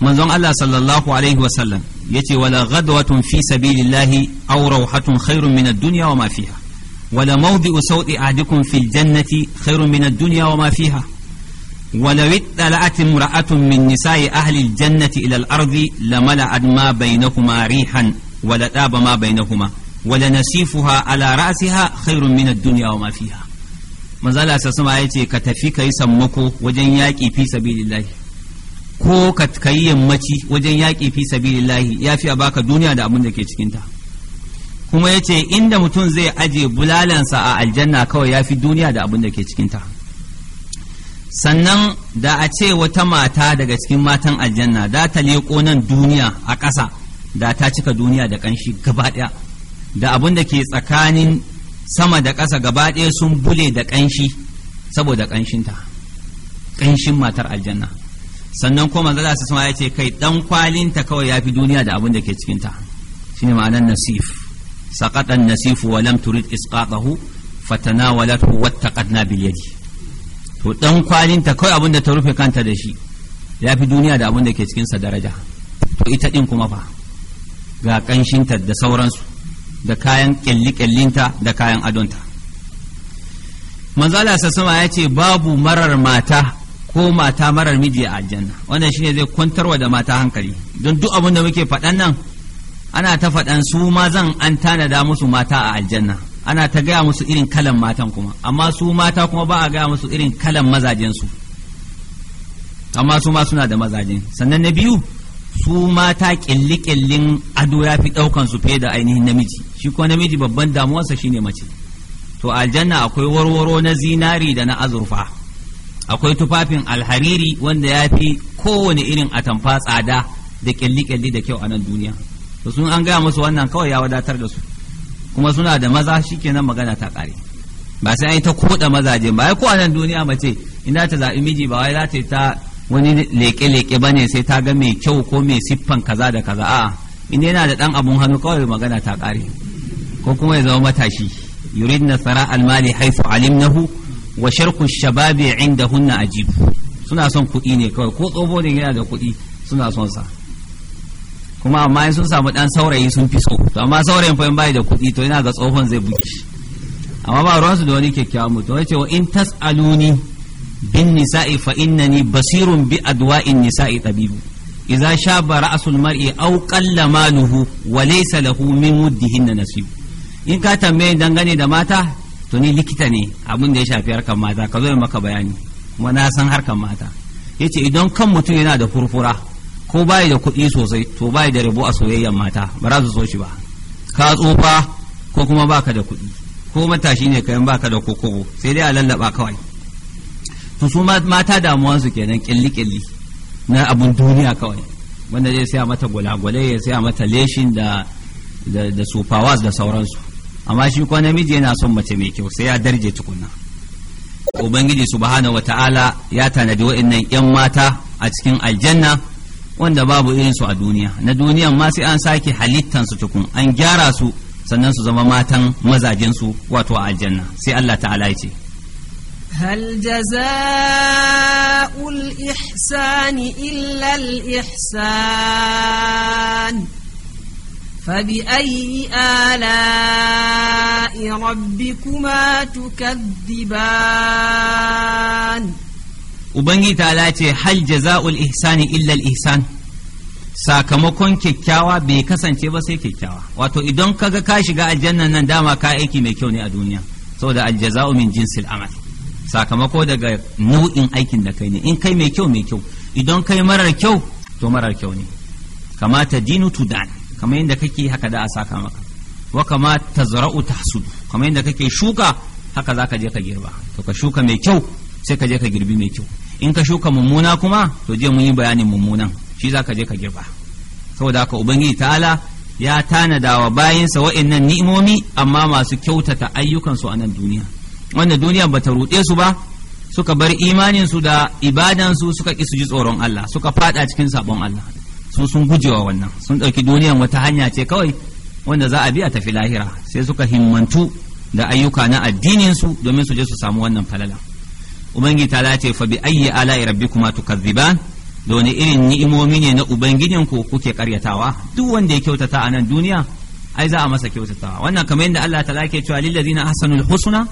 manzon Allah sallallahu alaihi wasallam yace wala ghadwatun fi sabilillahi aw rawhatun khairun min ad-dunya wa ma fiha wala mawdi'u sawti ahadikum fil jannati khairun min ad-dunya wa ma fiha ولو اطلعت امرأة من نساء أهل الجنة إلى الأرض لملأت ما بينهما ريحا ولتاب ما بينهما ولنسيفها على رأسها خير من الدنيا وما فيها manzala sa sama ya yace ka tafi ka yi sammako wajen yaƙi fi sabilillahi ko ka kai yammaci wajen yaƙi fi sabilillahi ya fi a baka duniya da abin da ke cikinta kuma ya ce inda mutum zai aje bulalansa a aljanna kawai ya fi duniya da abin da ke cikinta sannan da a ce wata mata daga cikin matan aljanna da ta leƙo nan duniya a ƙasa da ta cika duniya da ƙanshi gaba ɗaya da abin da ke tsakanin sama da ƙasa gaba ɗaya sun bule da ƙanshi saboda ƙanshinta ƙanshin matar aljanna sannan ko Manzala Allah ya ce kai dan kwalinta kawai ya fi duniya da abin da ke cikin ta shine ma'anar nasif saqata an-nasif wa lam turid isqatahu fatanawalathu wattaqadna bil yadi to dan kwalinta kawai abin da ta rufe kanta da shi ya fi duniya da abin da ke cikin sa daraja to ita din kuma fa ga kanshinta da sauransu da kayan kyalli-kyallinta da kayan adonta manzala sassama ya ce babu marar mata ko mata marar miji a aljanna wannan shine zai kwantarwa da mata hankali don duk abin da muke faɗan nan ana ta faɗan su ma zan an tanada musu mata a aljanna ana ta gaya musu irin kalan matan kuma amma su mata kuma ba a gaya musu irin kalan mazajen amma su ma suna da mazajen sannan na biyu su mata ƙilli-ƙillin ado ya fi ɗaukan su fiye da ainihin namiji shi ko namiji babban damuwarsa shine mace to aljanna akwai warwaro na zinari da na azurfa akwai tufafin alhariri wanda ya fi kowane irin atamfa tsada da kyalli-kyalli da kyau a nan duniya to sun an gaya musu wannan kawai ya wadatar da su kuma suna da maza shikenan magana ta kare ba sai an yi ta koda mazaje ba ko a nan duniya mace ina ta zaɓi miji ba wai za ta yi ta wani leke-leke ba ne sai ta ga mai kyau ko mai siffan kaza da kaza a'a in yana da ɗan abun hannu kawai magana ta kare ko kuma ya zama matashi yuridna sara almali haifu Alim alimnahu wa sharku shababi inda hunna ajib suna son kuɗi ne kawai ko tsoho ne yana da kuɗi suna son sa kuma amma in sun samu dan saurayi sun fi so to amma saurayin fa in bai da kuɗi to yana ga tsohon zai buge shi amma ba ruwansu da wani kyakkyawan mutum wace wa in tas'aluni bin nisa'i fa innani basirun bi adwa'in nisa'i tabibu idza shaba ra'sul mar'i aw qalla maluhu wa laysa lahu min wuddihin nasib in ka tambaye dangane da mata to ni likita ne abin da ya shafi harkar mata ka zo maka bayani kuma na san harkar mata ce idan kan mutum yana da furfura ko bayi da kuɗi sosai to bayi da rabu a soyayyar mata ba za su so shi ba ka tsufa ko kuma baka da kuɗi ko matashi ne kayan baka da kokobo sai dai a lallaba kawai to su mata damuwansu kenan ƙilli ƙilli na abun duniya kawai wanda zai saya mata gwalagwale ya saya mata leshin da da da da sauransu amma shi kuwa namiji yana son mace mai kyau sai ya darje tukunna ubangiji subhanahu wata'ala ya tanadi wa'annan yan mata a cikin aljanna wanda babu irin su a duniya na duniyan ma sai an sake halittan su tukun an gyara su sannan su zama matan mazajen su wato a aljanna sai Allah ta'ala ya ce هل جزاء الإحسان إلا الإحسان فبأي آلاء ربكما تكذبان Ubangi ta ce hal jaza'ul ihsani illa ihsan sakamakon kyakkyawa bai kasance ba sai kyakkyawa wato idan kaga ka shiga aljannan nan dama ka aiki mai kyau ne a duniya saboda aljaza'u min jinsil amal sakamako daga nau'in aikin da kai ne in kai mai kyau mai kyau idan kai marar kyau to marar kyau ne kamata dinu tudan kamar yadda kake haka da a saka maka wa kama tazra'u tahsudu kamar yadda kake shuka haka zaka je ka girba to ka shuka mai kyau sai ka je ka girbi mai kyau in ka shuka mummuna kuma to je mun yi bayanin mummunan shi zaka je ka girba saboda haka ubangiji ta'ala ya tanada wa bayinsa wa'annan ni'imomi amma masu kyautata ayyukansu a nan duniya wannan duniya bata ruɗe su ba suka bar imaninsu da ibadansu suka ƙi su ji tsoron Allah suka faɗa cikin sabon Allah su sun gujewa wannan sun ɗauki duniyan wata hanya ce kawai wanda za a bi a tafi lahira sai suka himmantu da ayyuka na addininsu domin su je su samu wannan falala ubangi ta ce fa bi ayyi ala'i rabbikuma tukazziban da wani irin ni'imomi ne na ubangijin ku kuke karyatawa duk wanda ya kyautata a nan duniya ai za a masa kyautatawa wannan kamar yadda Allah ta ke cewa lillazina ahsanul husna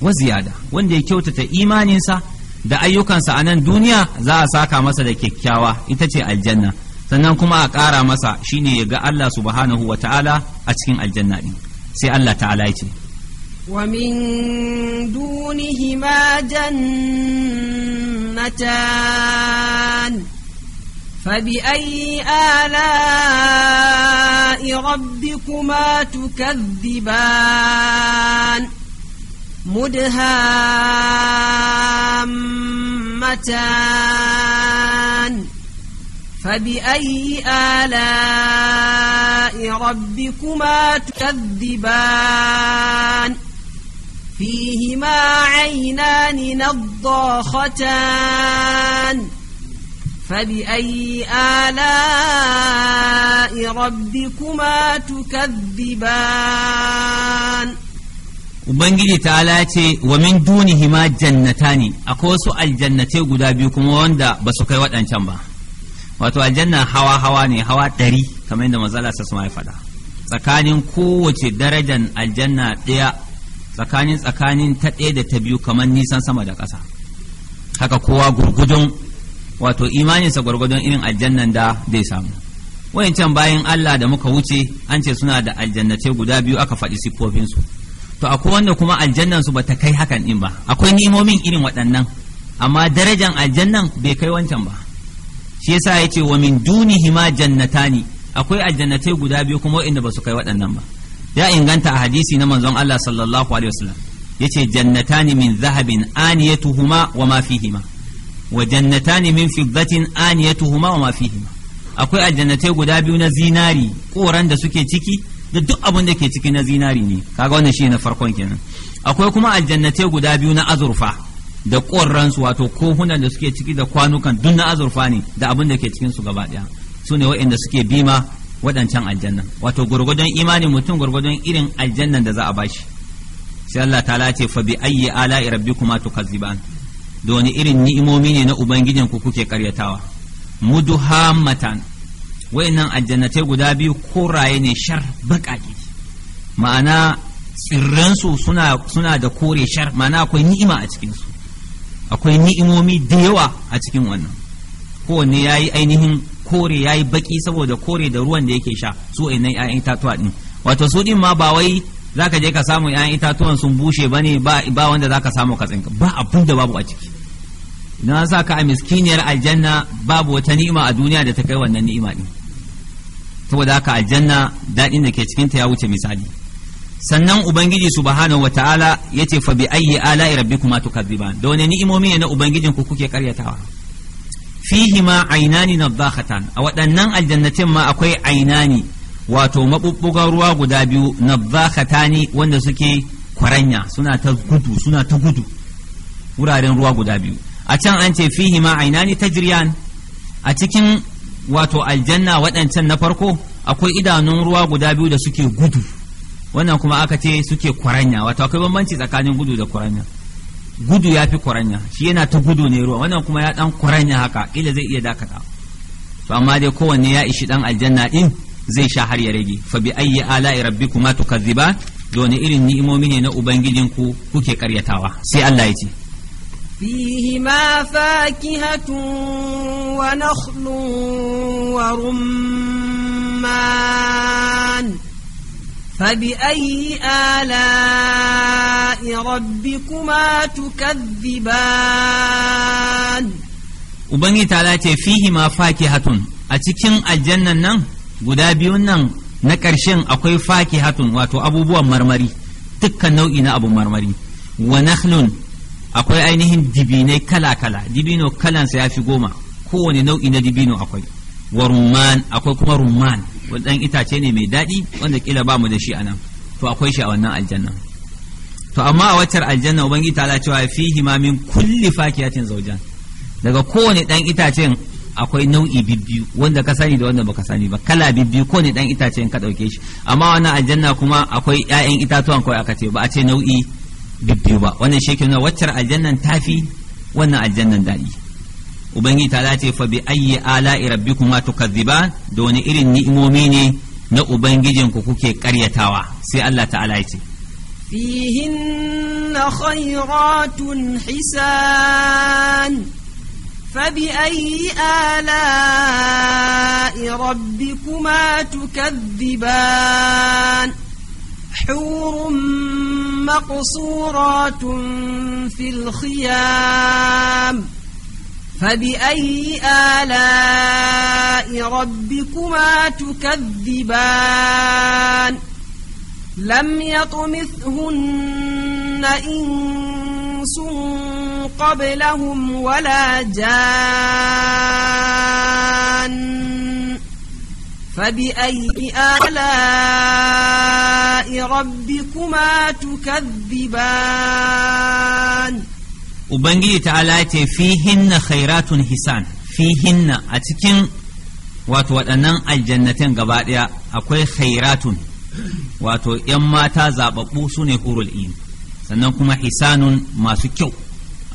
wa ziyada wanda ya kyautata imaninsa da ayyukansa a nan duniya za a saka masa da kyakkyawa ita ce aljanna sannan kuma a ƙara masa shine ya ga Allah subhanahu wa ta'ala a cikin aljanna din sai Allah ta'ala ya ce wa min dunihima jannatan فبأي آلاء ربكما تكذبان مدهامتان فبأي آلاء ربكما تكذبان فيهما عينان نضاختان فبأي آلاء ربكما تكذبان Ubangiji ta ce wa min jannata ne, akwai wasu aljannatai guda biyu kuma wanda ba su kai waɗancan ba. wato aljanna hawa hawa ne hawa ɗari kamar yadda mazala sa ya faɗa tsakanin kowace darajan aljanna ɗaya tsakanin tsakanin ta ɗaya da ta biyu kamar nisan sama da ƙasa haka kowa gurgudun wato imaninsa gurgudun irin aljannan da zai samu wayancan bayan Allah da muka wuce an ce suna da aljannace guda biyu aka faɗi siffofinsu to akwai wanda kuma aljannan su bata kai hakan din ba akwai nimomin irin waɗannan amma darajan aljannan bai kai wancan ba shi yasa yace wa min dunihima jannatani akwai aljannatai guda biyu kuma inda ba su kai waɗannan ba ya inganta a hadisi na manzon Allah sallallahu alaihi wasallam yace jannatani min zahabin aniyatuhuma wa ma fihima wa jannatani min fiddatin aniyatuhuma wa ma fihima akwai aljannatai guda biyu na zinari koran da suke ciki da duk abin da ke ciki na zinari ne kaga wannan shi na farkon kenan akwai kuma aljannatai guda biyu na azurfa da ƙorransu wato kohunan da suke ciki da kwanukan duk na azurfa ne da abin da ke cikin su gaba ɗaya su ne waɗanda suke bima waɗancan aljanna wato gurgudun imani mutum gurgudun irin aljannan da za a bashi sai Allah ta ce fa bi ayyi ala rabbikuma tukazziban da wani irin ni'imomi ne na ubangijin ku kuke karyatawa muduhammatan wayannan aljannatai guda biyu koraye ne shar baƙaƙe ma'ana tsirransu suna suna da kore shar ma'ana akwai ni'ima a cikinsu akwai ni'imomi da yawa a cikin wannan kowanne ya yi ainihin kore ya yi baki saboda kore da ruwan da yake sha su ainihin 'ya'yan itatuwa ɗin wato su ɗin ma ba wai za ka je ka samu 'ya'yan itatuwan sun bushe ba ne ba wanda za ka samu ka tsinka ba abin da babu a ciki idan sa ka a miskiniyar aljanna babu wata ni'ima a duniya da ta kai wannan ni'ima ɗin saboda haka aljanna daɗin da ke cikinta ya wuce misali sannan ubangiji subhanahu wataala yace fa bi ayyi ala'i rabbikuma tukadziban da wani ni'imomi ne na ubangijin ku kuke karyatawa fihi ma ainani nadakhatan a waɗannan aljannatin ma akwai ainani wato mabubbugan ruwa guda biyu nadakhatani wanda suke kwaranya suna ta gudu suna ta gudu wuraren ruwa guda biyu a can an ce fihi ma ainani tajriyan a cikin wato aljanna waɗancan na farko akwai idanun ruwa guda biyu da suke gudu wannan kuma aka ce suke kwaranya wato akwai bambanci tsakanin gudu da kwaranya gudu ya fi kwaranya shi yana ta gudu ne ruwa wannan kuma ya dan kwaranya haka ila zai iya dakata to amma dai kowanne ya ishi dan aljanna din zai sha har ya rage fa bi ayyi ala'i rabbikuma tukazziba doni irin ni'imomi ne na ubangijinku kuke karyatawa sai Allah ya ce فيهما فاكهة ونخل ورمان فبأي آلاء ربكما تكذبان Ubangi ta ce fihi ma fakihatun a cikin aljannan nan guda biyun nan na ƙarshen akwai fakihatun wato abubuwan marmari dukkan nau'i na abu marmari wa akwai ainihin dibinai kala-kala dibino kalansa ya fi goma kowane nau'i na dibino akwai rumman akwai kuma rumman dan itace ne mai daɗi wanda kila ba mu da shi anan to akwai shi a wannan aljanna to amma a waccar aljanna ubangiji ta cewa fihi ma min kulli fakiyatin zawjan daga kowane dan itacen akwai nau'i bibbiyu wanda ka sani da wanda baka sani ba kala bibbiyu ko dan itace ka dauke shi amma wannan aljanna kuma akwai ƴaƴan itatuwan kawai aka ce ba a ce nau'i bibbiyu ba wannan shi ke nuna waccar aljannan tafi wannan aljannan daɗi ubangiji ta ce fa bi ayyi ala'i rabbikuma tukadhiban da wani irin ni'imomi ne na ubangijin ku kuke karyatawa sai Allah ta'ala ya fihinna فيهن خيرات حسان فبأي آلاء ربكما تكذبان حور مقصورات في الخيام فبأي آلاء ربكما تكذبان لم يطمثهن إنس قبلهم ولا جان فبأي آلاء ربكما تكذبان ubangiji ta ta'ala ce fihinna khairatun hisan fihinna a cikin wato waɗannan aljannatin gaba ɗaya akwai khairatun wato ‘yan mata zaɓaɓɓu su ne hurul sannan kuma hisanun masu kyau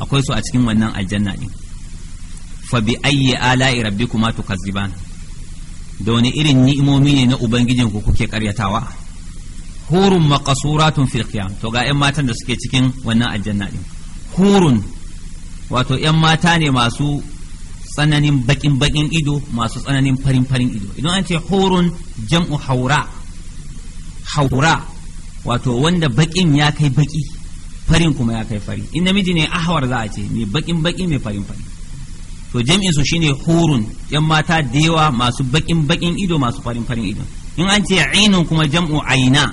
akwai su a cikin wannan aljanna ɗin fa bi ayyi ala'i rabbikuma tukazziban da wani irin ni'imomi ne na ubangijin ku kuke karyatawa hurun makasuratun fil to ga ‘yan matan da suke cikin wannan aljanna ɗin hurun wato ‘yan mata ne masu tsananin bakin bakin ido masu tsananin farin farin ido idan an ce hurun jam'u haura haura wato wanda bakin ya kai baki farin kuma ya kai fari in namiji ne ahawar za a ce mai bakin baki mai farin fari to jam'in su shine hurun yan mata da yawa masu bakin bakin ido masu farin farin ido in an ce kuma jam'u aina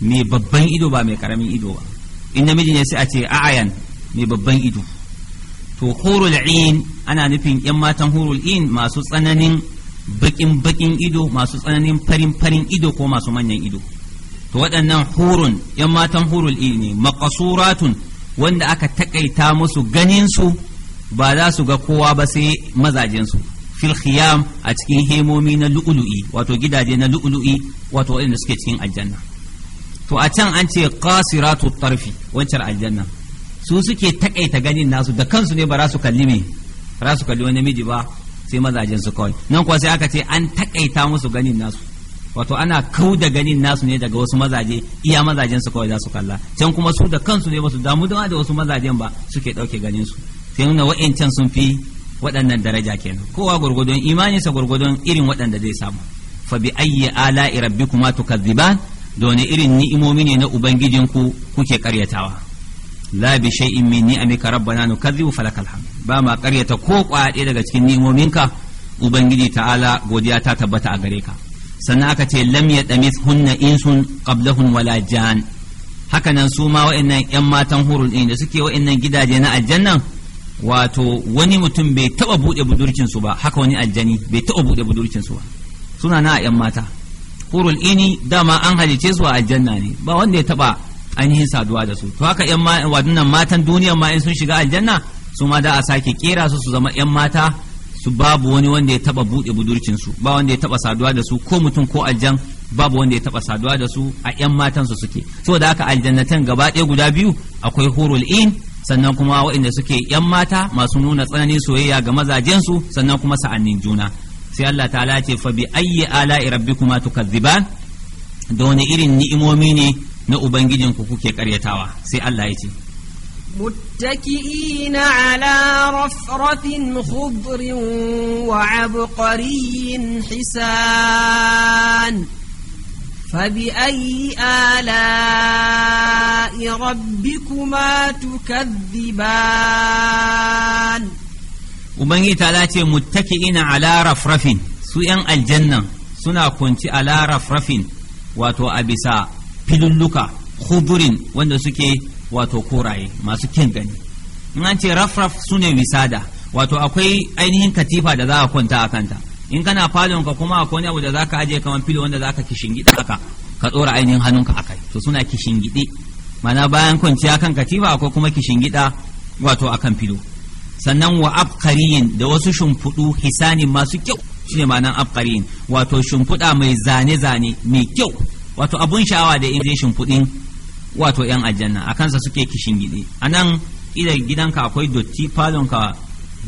mai babban ido ba mai ƙaramin ido ba in namiji ne sai a ce a'ayan mai babban ido to hurul in ana nufin yan matan hurul in masu tsananin bakin bakin ido masu tsananin farin farin ido ko masu manyan ido to waɗannan hurun yan matan hurul ne maqasuratun wanda aka takaita musu ganin su ba za su ga kowa ba sai mazajen su fil khiyam a cikin hemomi na lu'ulu'i wato gidaje na lu'ulu'i wato waɗanda suke cikin aljanna to a can an ce qasiratu tarfi wancan aljanna su suke takaita ganin nasu da kansu ne ba za su kalli me ba su kalli wani namiji ba sai mazajen su kawai nan kuwa sai aka ce an takaita musu ganin nasu wato ana kau da ganin nasu ne daga wasu mazaje iya mazajen su kawai za su kalla can kuma su da kansu ne ba su damu da wasu mazajen ba suke dauke ganin su sai nuna wa'ancan sun fi waɗannan daraja kenan kowa gurgudun imaninsa gurgudun irin waɗanda zai samu fa bi ayyi ala'i rabbikuma tukazziban da wani irin ni'imomi ne na ubangijinku kuke karyatawa la bi shay'in min ni'amika rabbana nukadhibu falakal hamd ba ma karyata ko kwaɗe daga cikin ni'imominka ubangiji ta'ala godiya ta tabbata a gare ka sannan aka ce lam yadamis hunna insun qablahun wala jan hakanan su ma wa'annan yan matan hurul din da suke wa'annan gidaje na aljannan wato wani mutum bai taba bude budurcin su ba haka wani aljani bai taba bude budurcin su ba suna na yan mata furul ini dama an halice su a aljanna ne ba wanda ya taba ainihin saduwa da su to haka yan wadannan matan duniya ma in sun shiga aljanna su ma da a sake kera su su zama yan mata su babu wani wanda ya taba bude budurcin su ba wanda ya taba saduwa da su ko mutum ko aljan babu wanda ya taba saduwa da su a yan matan su suke da haka aljannatan gaba ɗaya guda biyu akwai hurul in sannan kuma waɗanda suke yan mata masu nuna tsananin soyayya ga mazajen su sannan kuma sa'annin juna sai Allah ta'ala ce fa bi ayyi ala'i rabbikuma tukadziban da wani irin ni'imomi ne na ubangijinku kuke karyatawa sai Allah ya ce متكئين على رفرف خضر وعبقري حسان فبأي آلاء ربكما تكذبان ubangiji ta ce ina ala rafrafin su yan aljannan suna kunci ala rafrafin wato a bisa filulluka hudurin wanda suke wato koraye masu kyan gani in an ce rafraf su ne misada wato akwai ainihin katifa da za ka kwanta a kanta in kana falonka kuma akwai abu da za ka ajiye kamar filo wanda za ka kishingida aka ka tsora ainihin hannunka akai to suna kishingide mana bayan kwanciya kan katifa akwai kuma gida wato akan filo sannan wa abkariyin da wasu shimfudu hisani masu kyau shine ma'anan abkariyin wato shimfuda mai zane zane mai kyau wato abun sha'awa da in zai shimfudin wato yan aljanna a kansa suke kishin gidi anan idan gidanka akwai dotti falonka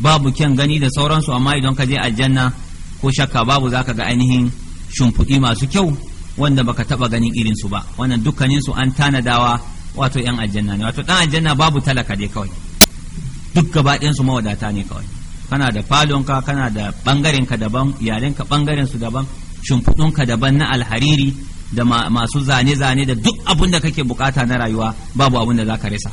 babu kyan gani da sauransu amma idan ka je aljanna ko shakka babu zaka ga ainihin shimfiɗi masu kyau wanda baka taba ganin irinsu ba wannan dukkaninsu an tanadawa wato 'yan aljanna ne wato dan aljanna babu talaka dai kawai duk gaba ɗayan su mawadata ne kawai kana da falonka kana da bangaren ka daban iyalenka bangaren su daban shimfiɗun daban na alhariri da masu zane zane da duk abun da kake bukata na rayuwa babu abun da zaka rasa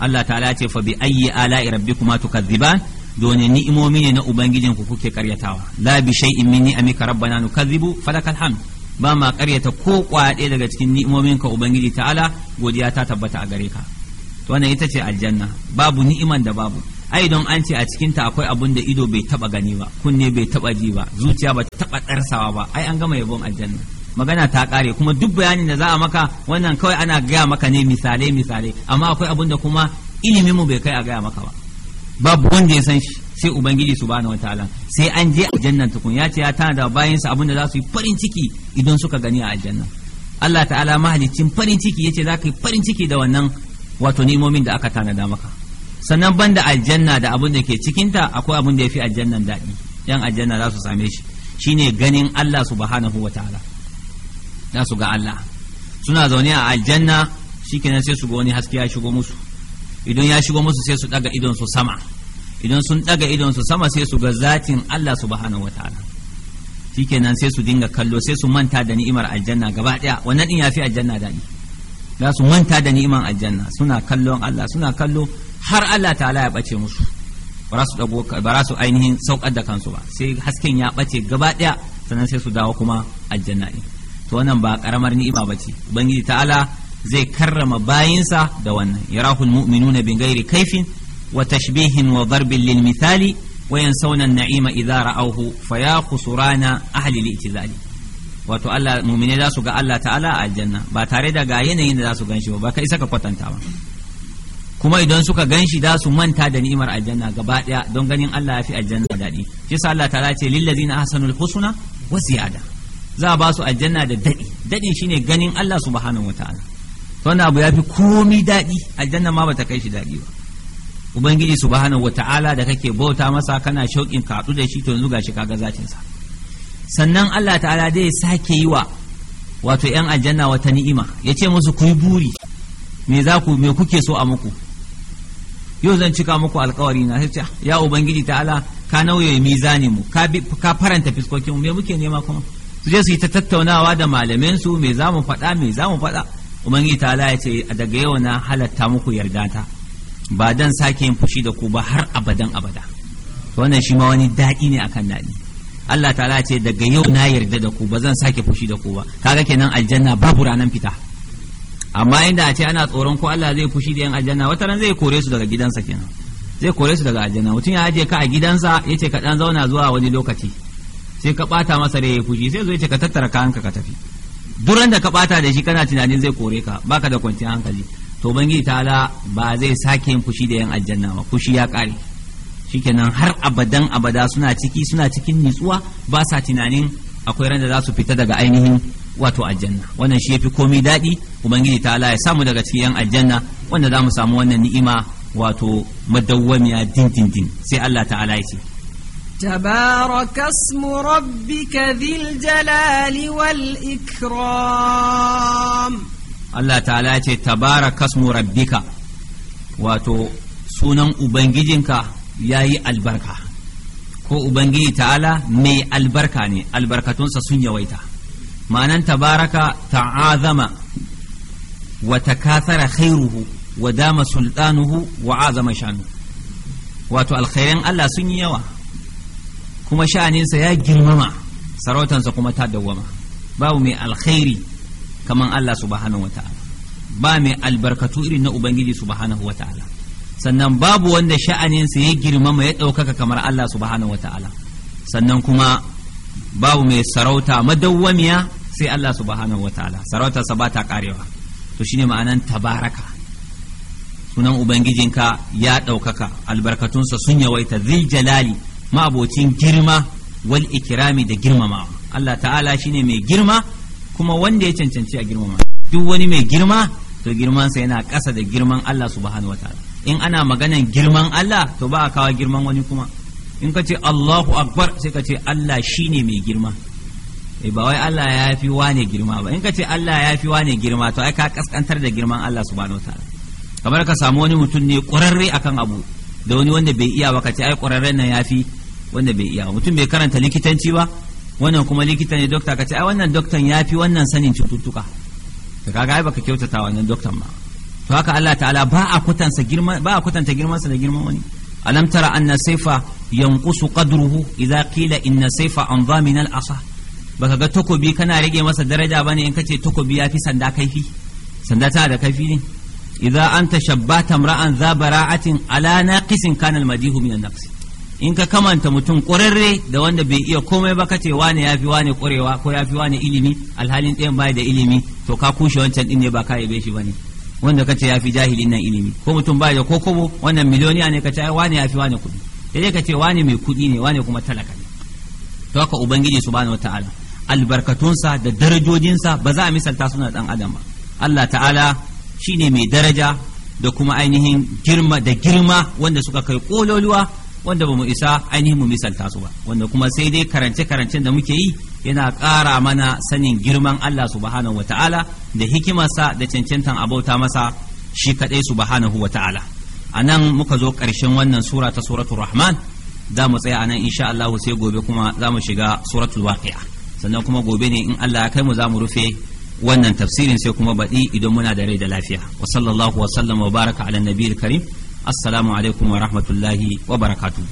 Allah ta'ala ce fa bi ayyi ala'i rabbikuma tukadziban doni ni'imomi ne na ubangijin ku kuke karyatawa la bi shay'in min amika rabbana nukadzibu falakal ham ba ma karyata ko kwaɗe daga cikin ni'imomin ka ubangiji ta'ala godiya ta tabbata a gare ka wannan ita ce aljanna babu ni'iman da babu ai don an ce a cikin ta akwai abun da ido bai taba gani ba kunne bai taba ji ba zuciya ba taba ɗarsawa ba ai an gama yabon aljanna magana ta kare kuma duk bayanin da za a maka wannan kawai ana gaya maka ne misalai misalai amma akwai abun da kuma ilimin mu bai kai a gaya maka ba babu wanda ya san shi sai ubangiji subhanahu wataala sai an je aljanna tukun ya ce ya tana da bayan sa abun da za su yi farin ciki idan suka gani a aljanna Allah ta'ala mahalicin farin ciki yace za ka yi farin ciki da wannan wato nimomin da aka tanada maka sannan banda aljanna da abin da ke cikinta akwai abin da ya fi aljannan daɗi yan aljanna za su same shi shine ganin Allah subhanahu wa ta'ala za su ga Allah suna zaune a aljanna shikenan sai su ga wani haske ya shigo musu idan ya shigo musu sai su daga idon su sama idan sun daga idon su sama sai su ga zatin Allah subhanahu wa ta'ala shikenan sai su dinga kallo sai su manta da ni'imar aljanna gaba daya wannan din fi aljanna daɗi za su manta da ni'iman aljanna suna kallon Allah suna kallo har Allah ta'ala ya bace musu ba su su ainihin saukar da kansu ba sai hasken ya bace gaba daya sannan sai su dawo kuma aljanna din to wannan ba karamar ni'ima bace ubangiji ta'ala zai karrama bayinsa da wannan yarahul mu'minuna bin ghairi kaifin wa tashbihin wa darbin lil misali wa yansawna an-na'ima idza ra'awhu fa ya khusrana ahli al-i'tizali wato Allah mumine za su ga Allah ta'ala a aljanna ba tare da ga yanayin da za su ganshi ba ka isa ka kwatanta ba kuma idan suka ganshi za su manta da ni'imar aljanna gaba daya don ganin Allah ya fi aljanna daɗi shi yasa Allah ta'ala ce lillazina ahsanul husna wa ziyada za a ba su aljanna da daɗi daɗin shine ganin Allah subhanahu wataala to wannan abu ya fi komi daɗi aljanna ma bata kai shi daɗi ba ubangiji subhanahu wataala da kake bauta masa kana shauƙin ka da shi to yanzu gashi kaga zacin sa sannan Allah ta'ala zai sake yi wa wato 'yan aljanna wata ni'ima ya ce musu ku buri me za ku me kuke so a muku yau zan cika muku alkawari na sai ya ubangiji ta'ala ka nauye mizanin mu ka faranta fiskokin mu me muke nema kuma su je su yi ta tattaunawa da malamin su me za mu faɗa me za mu faɗa ubangiji ta'ala ya ce daga yau na halatta muku yarda ta ba dan sake yin fushi da ku ba har abadan abada wannan shi ma wani daɗi ne akan daɗi Allah ta ce daga yau na yarda da ku ba zan sake fushi da ku ba kaga kenan aljanna babu ranan fita amma inda a ce ana tsoron ko Allah zai fushi da yan aljanna wata ran zai kore su daga gidansa kenan zai kore su daga aljanna mutum ya aje ka a gidansa ya ce ka dan zauna zuwa wani lokaci sai ka bata masa rai ya fushi sai zo ya ce ka tattara kayanka ka tafi duran da ka bata da shi kana tunanin zai kore ka baka da kwanciyar hankali to ta ta'ala ba zai sake yin fushi da yan aljanna ba fushi ya kare shikenan har abadan abada suna ciki suna cikin nitsuwa ba sa tunanin akwai ran da za su fita daga ainihin wato aljanna wannan shi yafi komai daɗi ubangiji ta ya samu daga cikin yan aljanna wanda za mu samu wannan ni'ima wato madawwamiya dindindin sai Allah ta'ala ya ce تبارك اسم ربك ذي الجلال والإكرام الله تعالى تبارك اسم ربك واتو سنن أبنججنك ya yi albarka ko ubangiji ta'ala mai albarka ne albarkatunsa sun yawaita ma'anan tabaraka ta'azama wa takathara khairuhu wa dama sultanuhu wa azama shanu wato alkhairan Allah sun yi yawa kuma sha'aninsa ya girmama sarautansa kuma ta dawwama babu mai alkhairi kaman Allah subhanahu wa ta'ala ba mai albarkatu irin na ubangiji subhanahu wa ta'ala sannan babu wanda sha'aninsa ya girmama ya ɗaukaka kamar Allah subhanahu wata'ala sannan kuma babu mai sarauta madawwamiya sai Allah subhanahu wata'ala sarauta sa bata karewa to shine ma'anan tabaraka sunan ubangijinka ya ɗaukaka albarkatunsa sun yawaita zil jalali ma'abocin girma wal ikirami da girmamawa Allah ta'ala shine mai girma kuma wanda ya cancanci a girmama duk wani mai girma to girmansa yana ƙasa da girman Allah subhanahu wata'ala in ana maganan girman Allah to ba a kawo girman wani kuma in ka ce Allahu akbar sai ka ce Allah shine mai girma e ba wai Allah ya fi wane girma ba in ka ce Allah ya fi wane girma to ai ka kaskantar da girman Allah subhanahu wataala kamar ka samu wani mutum ne ƙwararre akan abu da wani wanda bai iya ba ka ce ai ƙwararren nan ya fi wanda bai iya mutum bai karanta likitanci ba wannan kuma likita ne dokta ka ce ai wannan doktan ya fi wannan sanin cututtuka ka kaga ai baka kyautata wannan doktan ma to haka Allah ta'ala ba a kutansa girma ba a kutanta girmansa da girman wani alam tara anna sayfa yanqusu qadruhu idza qila inna asa baka ga takobi kana rage masa daraja bane in kace takobi yafi sanda kaifi sanda ta da kaifi ne idza anta shabbata imra'an za bara'atin ala naqisin kana al min an naqs in ka kamanta mutum ƙwararre da wanda bai iya komai ba kace wane yafi wane ƙwarewa ko yafi wane ilimi alhalin ɗayan bai da ilimi to ka kushe wancan din ne ba ka yabe shi bane wanda kace ya fi jahilin nan ilimi ko mutum ba da kokobo wannan miliyoniya ne kace ai wani ya fi wani kuɗi sai dai kace wani mai kuɗi ne wani kuma talaka ne to haka ubangiji subhanahu wataala albarkatunsa da darajojinsa ba za a misalta suna dan adam ba Allah ta'ala shine mai daraja da kuma ainihin girma da girma wanda suka kai kololuwa wanda ba mu isa ainihin mu misalta su ba wanda kuma sai dai karance karancen da muke yi yana ƙara mana sanin girman Allah subhanahu wataala da hikimarsa da cancantan abauta masa shi kadai subhanahu a nan muka zo ƙarshen wannan sura ta suratul rahman za mu tsaya a anan insha Allah sai gobe kuma za mu shiga suratul waqi'a sannan kuma gobe ne in Allah ya kai mu za mu rufe wannan tafsirin sai kuma baɗi idan muna da rai da lafiya wa sallallahu wa sallam wa baraka ala nabiyil karim assalamu alaikum wa rahmatullahi wa barakatuh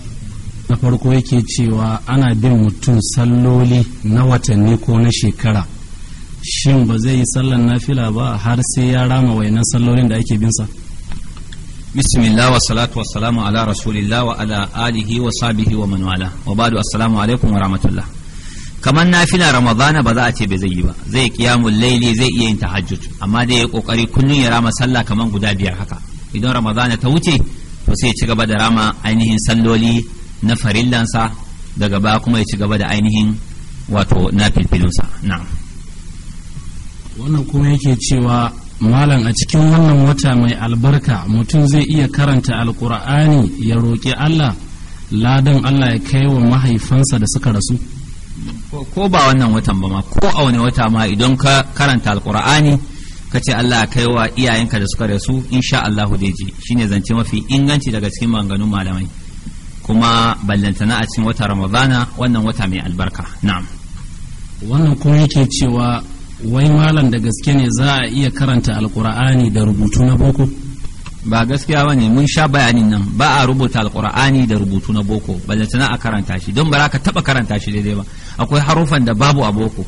na farko yake cewa ana bin mutum salloli na watanni ko na shekara shin ba zai yi sallan nafila ba har sai ya rama wainan sallolin da ake bin sa bismillah wa salatu wa salamu ala rasulillah wa ala alihi wa sahbihi wa man wala wa ba'du assalamu alaikum wa rahmatullah kamar nafila ramadana ba za a ce bai zai yi ba zai kiyamu laili zai iya yin tahajjud amma dai ya kokari kullun ya rama sallah kamar guda biyar haka idan ramadana ta wuce to sai ya ci gaba da rama ainihin salloli na farillansa daga baya kuma ya ci gaba da ainihin wato na filfilinsa na'am wannan kuma yake cewa malam a cikin wannan wata mai albarka mutum zai iya karanta alkur'ani ya roƙi allah ladan allah ya kai wa mahaifansa da suka rasu ko ba wannan watan ba ma ko a wani wata ma idan ka karanta alkur'ani ka ce allah ya kai wa iyayenka da suka rasu insha allahu dai ji shine zance mafi inganci daga cikin maganganun malamai kuma ballantana a cikin wata ramadana wannan wata mai albarka na'am wannan kuma yake cewa wai malam da gaske ne za a iya karanta alkur'ani da rubutu na boko ba gaskiya ba ne mun sha bayanin nan ba a rubuta alkur'ani da rubutu na boko ballantana a karanta shi don ba za ka taba karanta shi daidai ba akwai harufan da babu a boko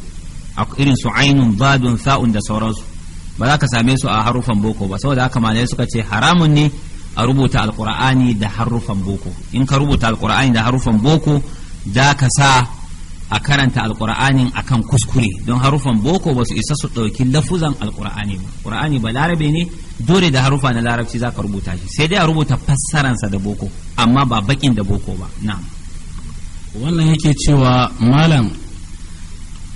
irin su ainun badun sa'un da sauransu ba za ka same su a harufan boko ba saboda haka malai suka ce haramun ne a rubuta alkur'ani da harufan boko in ka rubuta alkur'ani da harufan boko za ka sa a karanta a kan kuskure don harufan boko ba su isa su ɗauki lafuzan alkur'ani ba ƙur'ani ba larabe ne dole da harufa na larabci za ka rubuta shi sai dai a rubuta fassaransa da boko amma ba bakin da boko ba na'am wannan yake cewa malam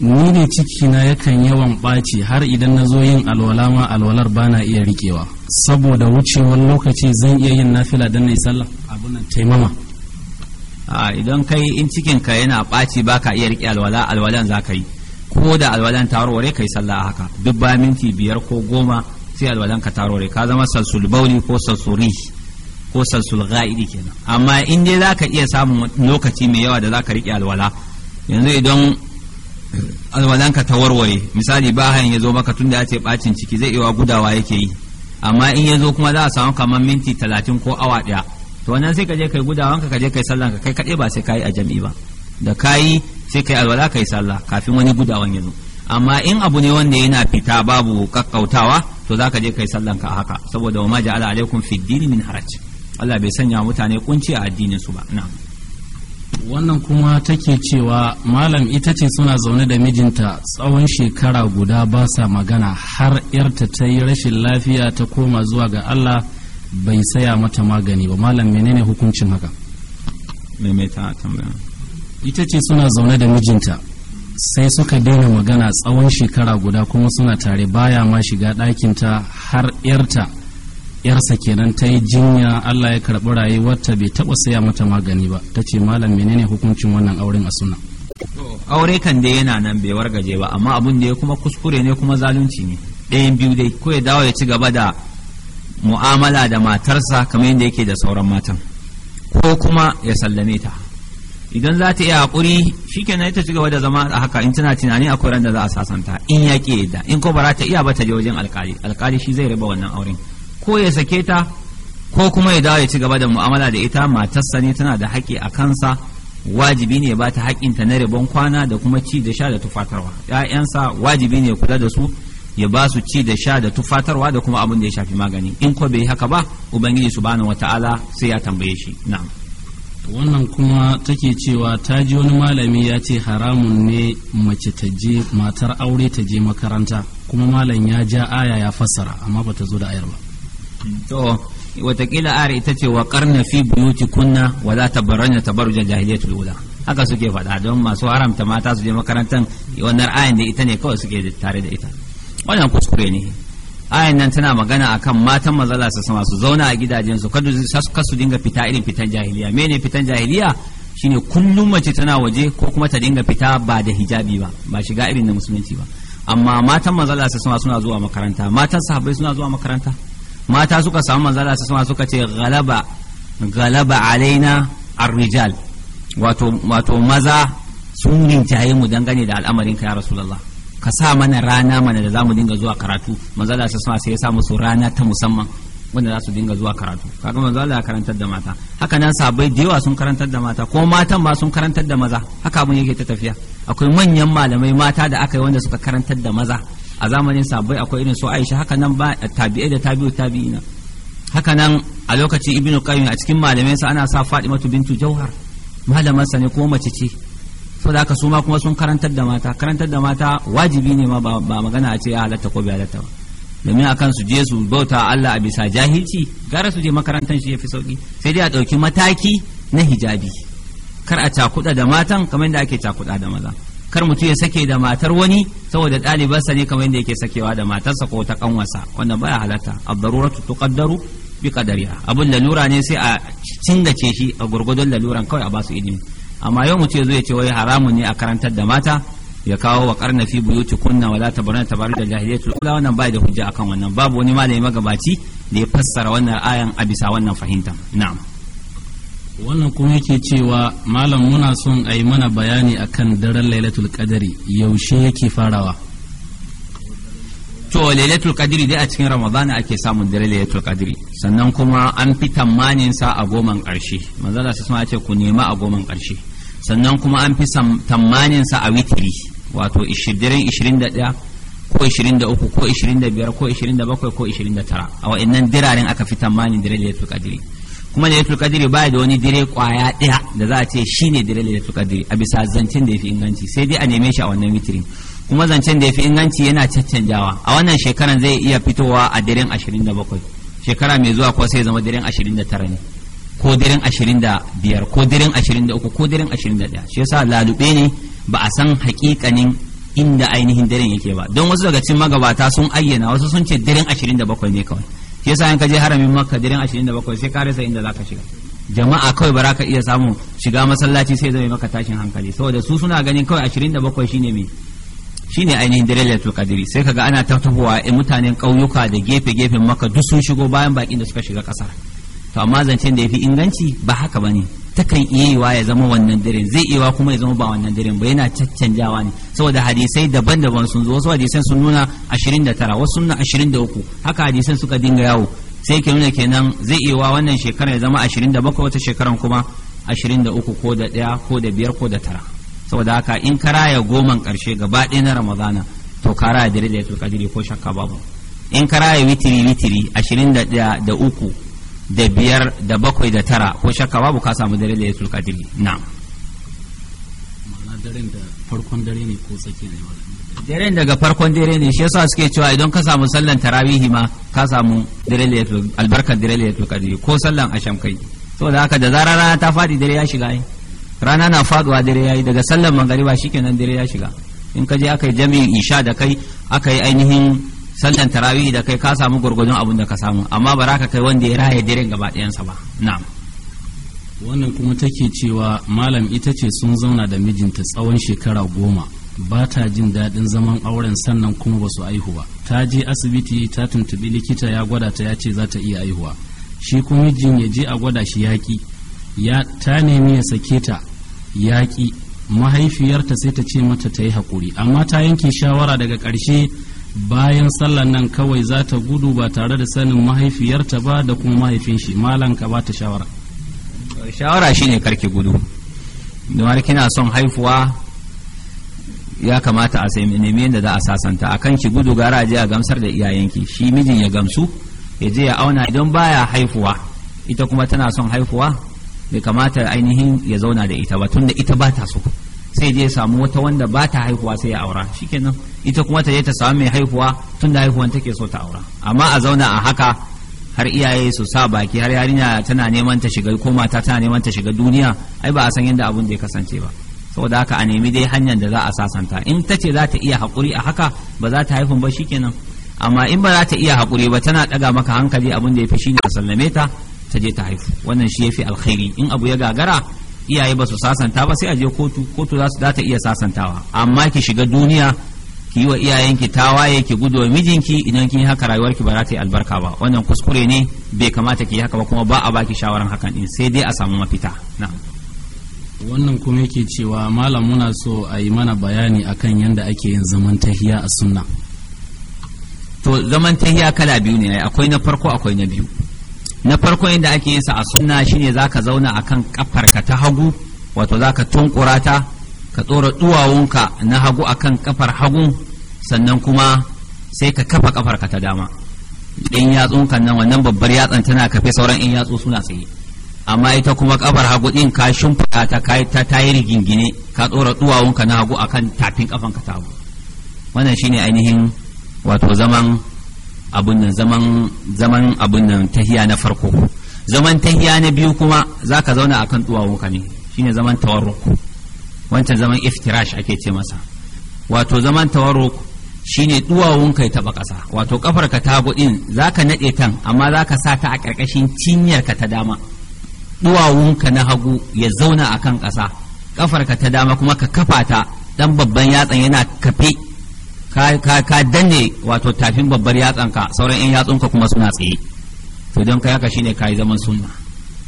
ni ne ciki na yakan yawan ɓaci har idan na zo yin alwala ma alwalar ba na iya riƙewa. saboda wucewar lokaci zan iya yin nafila don na yi sallah abunan taimama idan kai in cikin ka yana ɓaci ba ka iya riƙe alwala alwalan za ka yi ko da alwalan tarore kai sallah haka duk ba minti biyar ko goma sai alwalan ka tarore ka zama salsul bauli ko salsuri ko salsul ga'idi kenan amma in dai za ka iya samun lokaci mai yawa da za ka riƙe alwala yanzu idan alwalan ka ta warware misali ba ya zo maka da ya ce ɓacin ciki zai iya gudawa yake yi amma in ya zo kuma za a samu kamar minti talatin ko awa ɗaya to wannan sai ka je kai gudawan ka je kai sallan ka kai kade ba sai kayi a jam'i ba da kayi sai kai alwala kai sallah kafin wani gudawan ya zo amma in abu ne wanda yana fita babu kakkautawa to za ka je kai sallan ka haka saboda wa ma ja'ala alaikum fi dini min haraj Allah bai sanya mutane kunci a addinin su ba na wannan kuma take cewa malam ita ce suna zaune da mijinta tsawon shekara guda ba sa magana har yarta ta yi rashin lafiya ta koma zuwa ga Allah bai saya mata magani ba malam menene hukuncin haka ita ce suna zaune da mijinta sai suka daina magana tsawon shekara guda kuma suna tare baya ma shiga ɗakinta har 'yarta yarsa kenan ta yi jinya allah ya karɓi rayuwarta bai taɓa saya mata magani ba ta ce malam menene hukuncin wannan auren a suna aure kan dai yana nan bai wargaje ba amma abun da ya kuma kuskure ne kuma zalunci ne ɗayan biyu dai ko ya dawo ya ci gaba da mu'amala da matarsa kamar yadda yake da sauran matan ko kuma ya sallame ta idan za ta iya haƙuri na ita ci gaba da zama a haka in tana tunani akwai ran da za a sasanta in ya ke yadda in ko ba ta iya ba ta je wajen alkali alkali shi zai raba wannan auren ko ya sake ta ko kuma ya dawo ya ci gaba da mu'amala da ita matarsa ne tana da haƙƙi a kansa wajibi ne ba ta haƙƙinta na rabon kwana da kuma ci da sha da tufatarwa ‘ya'yansa wajibi ne kula da su ya ba su ci da sha da tufatarwa da kuma abin da ya shafi magani in ko bai haka ba ubangiji subhanahu wataala sai ya tambaye shi na'am wannan kuma take cewa ta ji wani malami ya ce haramun ne mace ta je matar aure ta je makaranta kuma malam ya ja aya ya fassara amma ba ta zo da ayar ba to watakila ayar ita ce wa karna fi buyuti kunna wa za ta baranya ta barujan jahiliyatul ula haka suke faɗa don masu haramta mata su je makarantan wannan ayan da ita ne kawai suke tare da ita wannan kuskure ne ayan nan tana magana akan matan mazala su sama su zauna a gidajen su kada su dinga fita irin fitan jahiliya mene fitan jahiliya shine kullum mace tana waje ko kuma ta dinga fita ba da hijabi ba ba shiga irin na musulunci ba amma matan mazala su sama suna zuwa makaranta matan sahabbai suna zuwa makaranta mata suka samu mazala su sama suka ce galaba galaba alaina arrijal wato wato maza sun rinjaye mu dangane da al'amarin ka ya rasulullah ka sa mana rana mana da za mu dinga zuwa karatu manzo Allah sai ya sa musu rana ta musamman wanda za su dinga zuwa karatu kaga manzo Allah ya karantar da mata haka nan sabai da yawa sun karantar da mata ko matan ma sun karantar da maza haka mun yake ta tafiya akwai manyan malamai mata da aka yi wanda suka karantar da maza a zamanin sabai akwai irin su Aisha haka nan ba tabi'ai da tabi'u tabi'ina haka nan a lokacin Ibn Qayyim a cikin malamai sa ana sa Fatimatu bintu Jauhar malamar sa ne ko mace ce saboda su ma kuma sun karantar da mata karantar da mata wajibi ne ma ba magana a ce ya halatta ko bai halatta ba domin akan su je su bauta Allah a bisa jahilci gara su je makarantar shi ya fi sauki sai dai a ɗauki mataki na hijabi kar a cakuɗa da matan kamar yadda ake cakuɗa da maza kar mutum ya sake da matar wani saboda ɗalibarsa ne kamar yadda yake sakewa da matarsa ko ta kanwarsa wanda baya halatta abdaruratu tuqaddaru bi qadariha abun lalura ne sai a cingace shi a gurgudun laluran kawai a basu ilimi amma yau mu ce zai ce wai haramun ne a karantar da mata ya kawo wa karna fi buyuti kunna wala tabarna tabarna da jahiliyatu ula wannan bai da hujja akan wannan babu wani malami magabaci da ya fassara wannan ayan a bisa wannan fahimta na'am wannan kuma yake cewa malam muna son a yi mana bayani akan daren lailatul qadari yaushe yake farawa to lailatul qadri dai a cikin ramadana ake samun dare lailatul qadri sannan kuma an fi tamanin sa a goman karshe manzala sai ya ce ku nema a goman karshe sannan kuma an fi tammanin sa a witiri wato 21 ko 23 ko 25 ko 27 ko 29 a wa'annan diraren aka fi tammanin dire lailatul qadri kuma lailatul qadri ba da wani dire kwaya daya da za a ce shine dire lailatul qadri a bisa zancen da yafi inganci sai dai a neme shi a wannan witiri kuma zancen da yafi inganci yana caccanjawa a wannan shekaran zai iya fitowa a daren 27 shekara mai zuwa ko sai zama daren 29 ne ko daren biyar ko daren uku ko daren 21 shi yasa lalube ne ba a san hakikanin inda ainihin daren yake ba don wasu daga cikin magabata sun ayyana wasu sun ce daren bakwai ne kawai shi yasa in ka je haramin makka daren bakwai sai ka rasa inda zaka shiga jama'a kawai ba za ka iya samu shiga masallaci sai zai maka tashin hankali saboda su suna ganin kawai ashirin da bakwai shine me shine ainihin dare lailatul qadri sai kaga ana tattabowa eh, mutanen ƙauyuka da gefe gefen maka duk sun shigo bayan bakin da suka shiga ƙasar. to amma zancen da ya fi inganci ba haka ba ne takan iya yiwa ya zama wannan daren zai iya kuma ya zama ba wannan daren ba yana caccanjawa ne saboda hadisai daban-daban sun zo wasu hadisan sun nuna 29 wasu nuna 23 haka hadisan suka dinga yawo sai ke nuna kenan zai iya wannan shekarar ya zama 27 wata shekaran kuma 23 ko da daya ko da biyar ko da tara saboda haka in ka raya goman karshe gaba ɗaya na ramadana to ka raya dare da ya ko shakka babu in ka raya witiri witiri 21 da uku da biyar da bakwai da tara ko shakka babu ka samu dare da yatul kadiri na daren da farkon dare ne ko ne daren daga farkon dare ne shi yasa suke cewa idan ka samu sallan tarawihi ma ka samu dare da albarkar dare da yatul kadiri ko sallan asham kai da haka da zarar rana ta fadi dare ya shiga rana na faduwa dare yayi daga sallan magariba shikenan dare ya shiga in ka je aka yi jami'in isha da kai aka yi ainihin sallan tarawih da kai ka samu gurgudun abin da ka samu amma ba ka kai wanda ya raye dare gaba ɗayansa ba na'am wannan kuma take cewa malam ita ce sun zauna da mijinta tsawon shekara goma ba ta jin daɗin zaman auren sannan kuma ba su aihu ba ta je asibiti ta tuntubi likita ya gwada ta ya ce za ta iya aihuwa shi kuma mijin ya je a gwada shi yaƙi ya ta nemi ya sake ta yaƙi mahaifiyarta sai ta ce mata ta yi haƙuri amma ta yanke shawara daga ƙarshe bayan sallan nan kawai za ta gudu ba tare da sanin mahaifiyarta ba da kuma mahaifin shi malam ka ba ta shawara shawara shine karki gudu domin kina son haifuwa ya kamata a sai nemi da za a sasanta a kan ki gudu gara a je a gamsar da iyayenki shi mijin ya gamsu ya je ya auna idan baya haifuwa ita kuma tana son haifuwa bai kamata ainihin ya zauna da ita ba tunda ita ba ta so sai je samu wata wanda ba ta haihuwa sai ya aura shikenan ita kuma ta je ta samu mai haihuwa tunda haihuwan take so ta aura amma a zauna a haka har iyaye su sa baki har yarinya tana neman ta shiga ko mata tana neman ta shiga duniya ai ba a san yadda abun da ya kasance ba saboda haka a nemi dai hanyar da za a sasanta in ta ce za ta iya haƙuri a haka ba za ta haifun ba shikenan amma in ba za ta iya haƙuri ba tana ɗaga maka hankali abin da ya fi shine ka sallame ta ta je ta haifu wannan shi ya fi alkhairi in abu ya gagara iyaye ba su sasanta ba sai a je kotu kotu za su iya sasantawa amma ki shiga duniya ki yi wa iyayenki tawaye ki gudu wa mijinki idan kin haka rayuwarki ba za ta yi albarka ba wannan kuskure ne bai kamata ki yi haka ba kuma ba a baki shawaran hakan din sai dai a samu mafita na wannan kuma yake cewa malam muna so a yi mana bayani akan yadda ake yin zaman tahiya a sunna to zaman tahiya kala biyu ne akwai na farko akwai na biyu na farko inda ake yin sa a sunna shine zaka zauna akan kafarka ta hagu wato zaka tunkura ta ka tsora duwawunka na hagu akan kafar hagu sannan kuma sai ka kafa kafarka ta dama in kan nan wannan babbar yatsan tana kafe sauran in yatsu suna tsaye amma ita kuma kafar hagu din ka shimfiɗa ta kai ta tayi rigingine ka tsora duwawunka na hagu akan tafin kafanka ta hagu wannan shine ainihin wato zaman abin nan zaman zaman abin nan tahiya na farko zaman tahiya na biyu kuma zaka zauna akan duwawunka ne shine zaman tawarruk wancan zaman iftirash ake ce masa wato zaman tawarruk shine duwawunka ya taba ƙasa wato kafarka ta gudin zaka naɗe tan amma zaka sa ta a karkashin cinyarka ta dama duwawunka na hagu ya zauna akan kasa ƙafarka ta dama kuma ka kafa ta dan babban yatsan yana kafe ka danne wato tafin babbar yatsanka sauran yan yatsunka kuma suna tsaye to don kai haka shine kai zaman sunna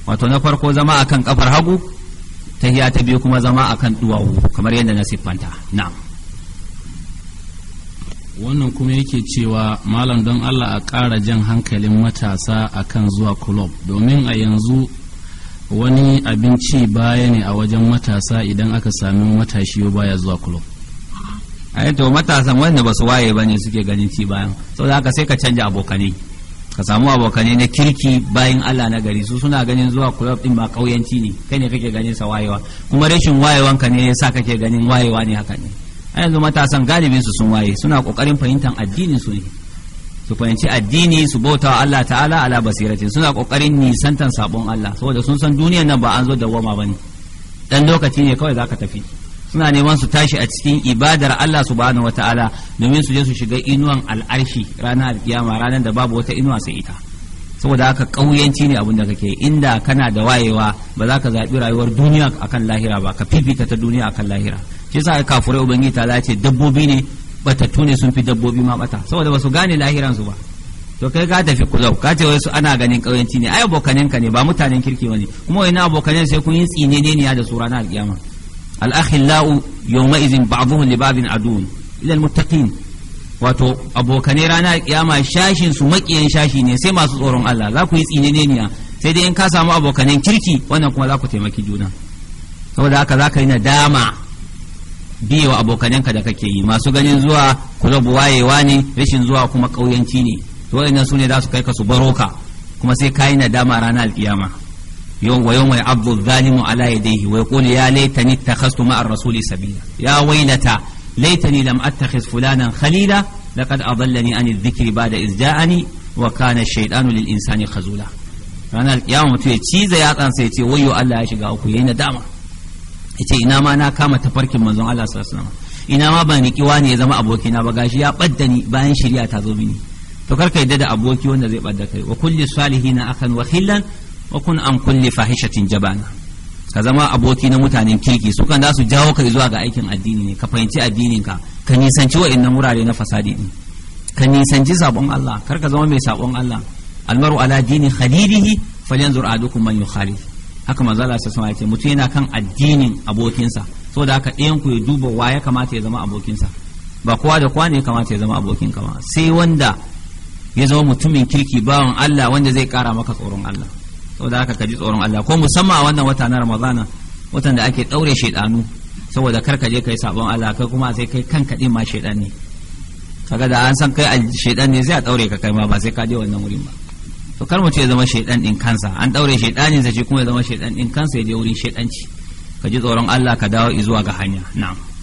wato na farko zama akan kafar hagu ta hiya ta biyu kuma zama akan duwawu kamar yadda na siffanta na'am wannan kuma yake cewa malam don Allah a ƙara jan hankalin matasa akan zuwa kulob domin a yanzu wani abinci baya ne a wajen matasa idan aka sami matashi baya zuwa kulob ai eh, to matasan wanda ba su waye bane suke ganin ci bayan da haka sai ka canja abokanai ka samu abokanai na kirki bayan Allah na gari su suna ganin zuwa club din ba kauyanci ne kai ne kake ganin sa wayewa kuma rashin wayewan ka ne ya sa kake ganin wayewa ne haka ne a yanzu matasan galibin su sun waye suna kokarin fahimtar addinin su ne su fahimci addini su bauta wa Allah ta'ala ala basiratin suna kokarin nisantan sabon Allah saboda sun san duniyar nan ba an zo da wama ne dan lokaci ne kawai zaka tafi suna neman su tashi a cikin ibadar Allah subhanahu wataala domin su je su shiga inuwan al'arshi ranar alkiyama ranar da babu wata inuwa sai ita saboda haka ƙauyanci ne abin da kake inda kana da wayewa ba za ka zaɓi rayuwar duniya akan lahira ba ka fifita ta duniya akan lahira shi yasa kafurai ubangiji ta ce dabbobi ne batattu ne sun fi dabbobi ma bata saboda ba su gane lahiransu ba to kai ka tafi kuzau ka ce wasu ana ganin ƙauyenci ne ai abokaninka ne ba mutanen kirki ba ne kuma wani abokanin sai kun yi tsine ne da su ranar alkiyama al'akhillau yawma'izin ba'dhuhum li ba'dhin adun ilal wato abokane rana kiyama shashin su makiyan shashi ne sai masu tsoron Allah za ku yi tsineneniya sai dai in ka samu abokanen kirki wannan kuma za ku taimaki juna saboda haka za ka yi nadama biye wa ka da kake yi masu ganin zuwa kulob wayewa ne rashin zuwa kuma kauyanci ne to waɗannan su ne za su kai ka su baro ka kuma sai ka yi nadama ranar alkiyama ويوم يعض الظالم على يديه ويقول يا ليتني اتخذت مع الرسول سبيلا يا ويلتى ليتني لم أتخذ فلانا خليلا لقد أضلني عن الذكر بعد إذ جاءني وكان الشيطان للإنسان خزولا ranar kiyama mutum ya ciza yatsan sai ya ce wayo Allah ya shiga uku yayi nadama ya ce ina ma na kama tafarkin manzon Allah sallallahu alaihi wasallam ina ma ban riki wani ya zama abokina ba gashi ya badda ni bayan shari'a ta zo mini to karka yadda da aboki wanda zai badda kai wa kulli salihina akan wa khillan wa kun an kulli fahishatin jabana ka zama aboki na mutanen kirki su kan su jawo ka zuwa ga aikin addini ne ka fahimci addinin ka ka nisanci wa'annan wurare na fasadi din ka nisanci sabon Allah kar ka zama mai sabon Allah almaru ala dini khalilihi falyanzur ahadukum man yukhalif haka manzo Allah sallallahu alaihi mutum yana kan addinin abokinsa saboda haka ɗayan ku ya duba wa ya kamata ya zama abokinsa ba kowa da kowa ne ya kamata ya zama abokin kama sai wanda ya zama mutumin kirki bawan Allah wanda zai kara maka tsoron Allah saboda haka ka ji tsoron Allah ko musamman a wannan wata na Ramadana watan da ake daure shaidanu saboda kar ka je kai sabon Allah kai kuma sai kai kanka din ma shaidan ne kaga da an san kai shaidan ne zai daure ka kai ma ba sai ka je wannan wurin ba to kar mu ya zama shaidan din kansa an daure shaidanin sa shi kuma ya zama shaidan din kansa ya je wurin shaidanci ka ji tsoron Allah ka dawo zuwa ga hanya na'am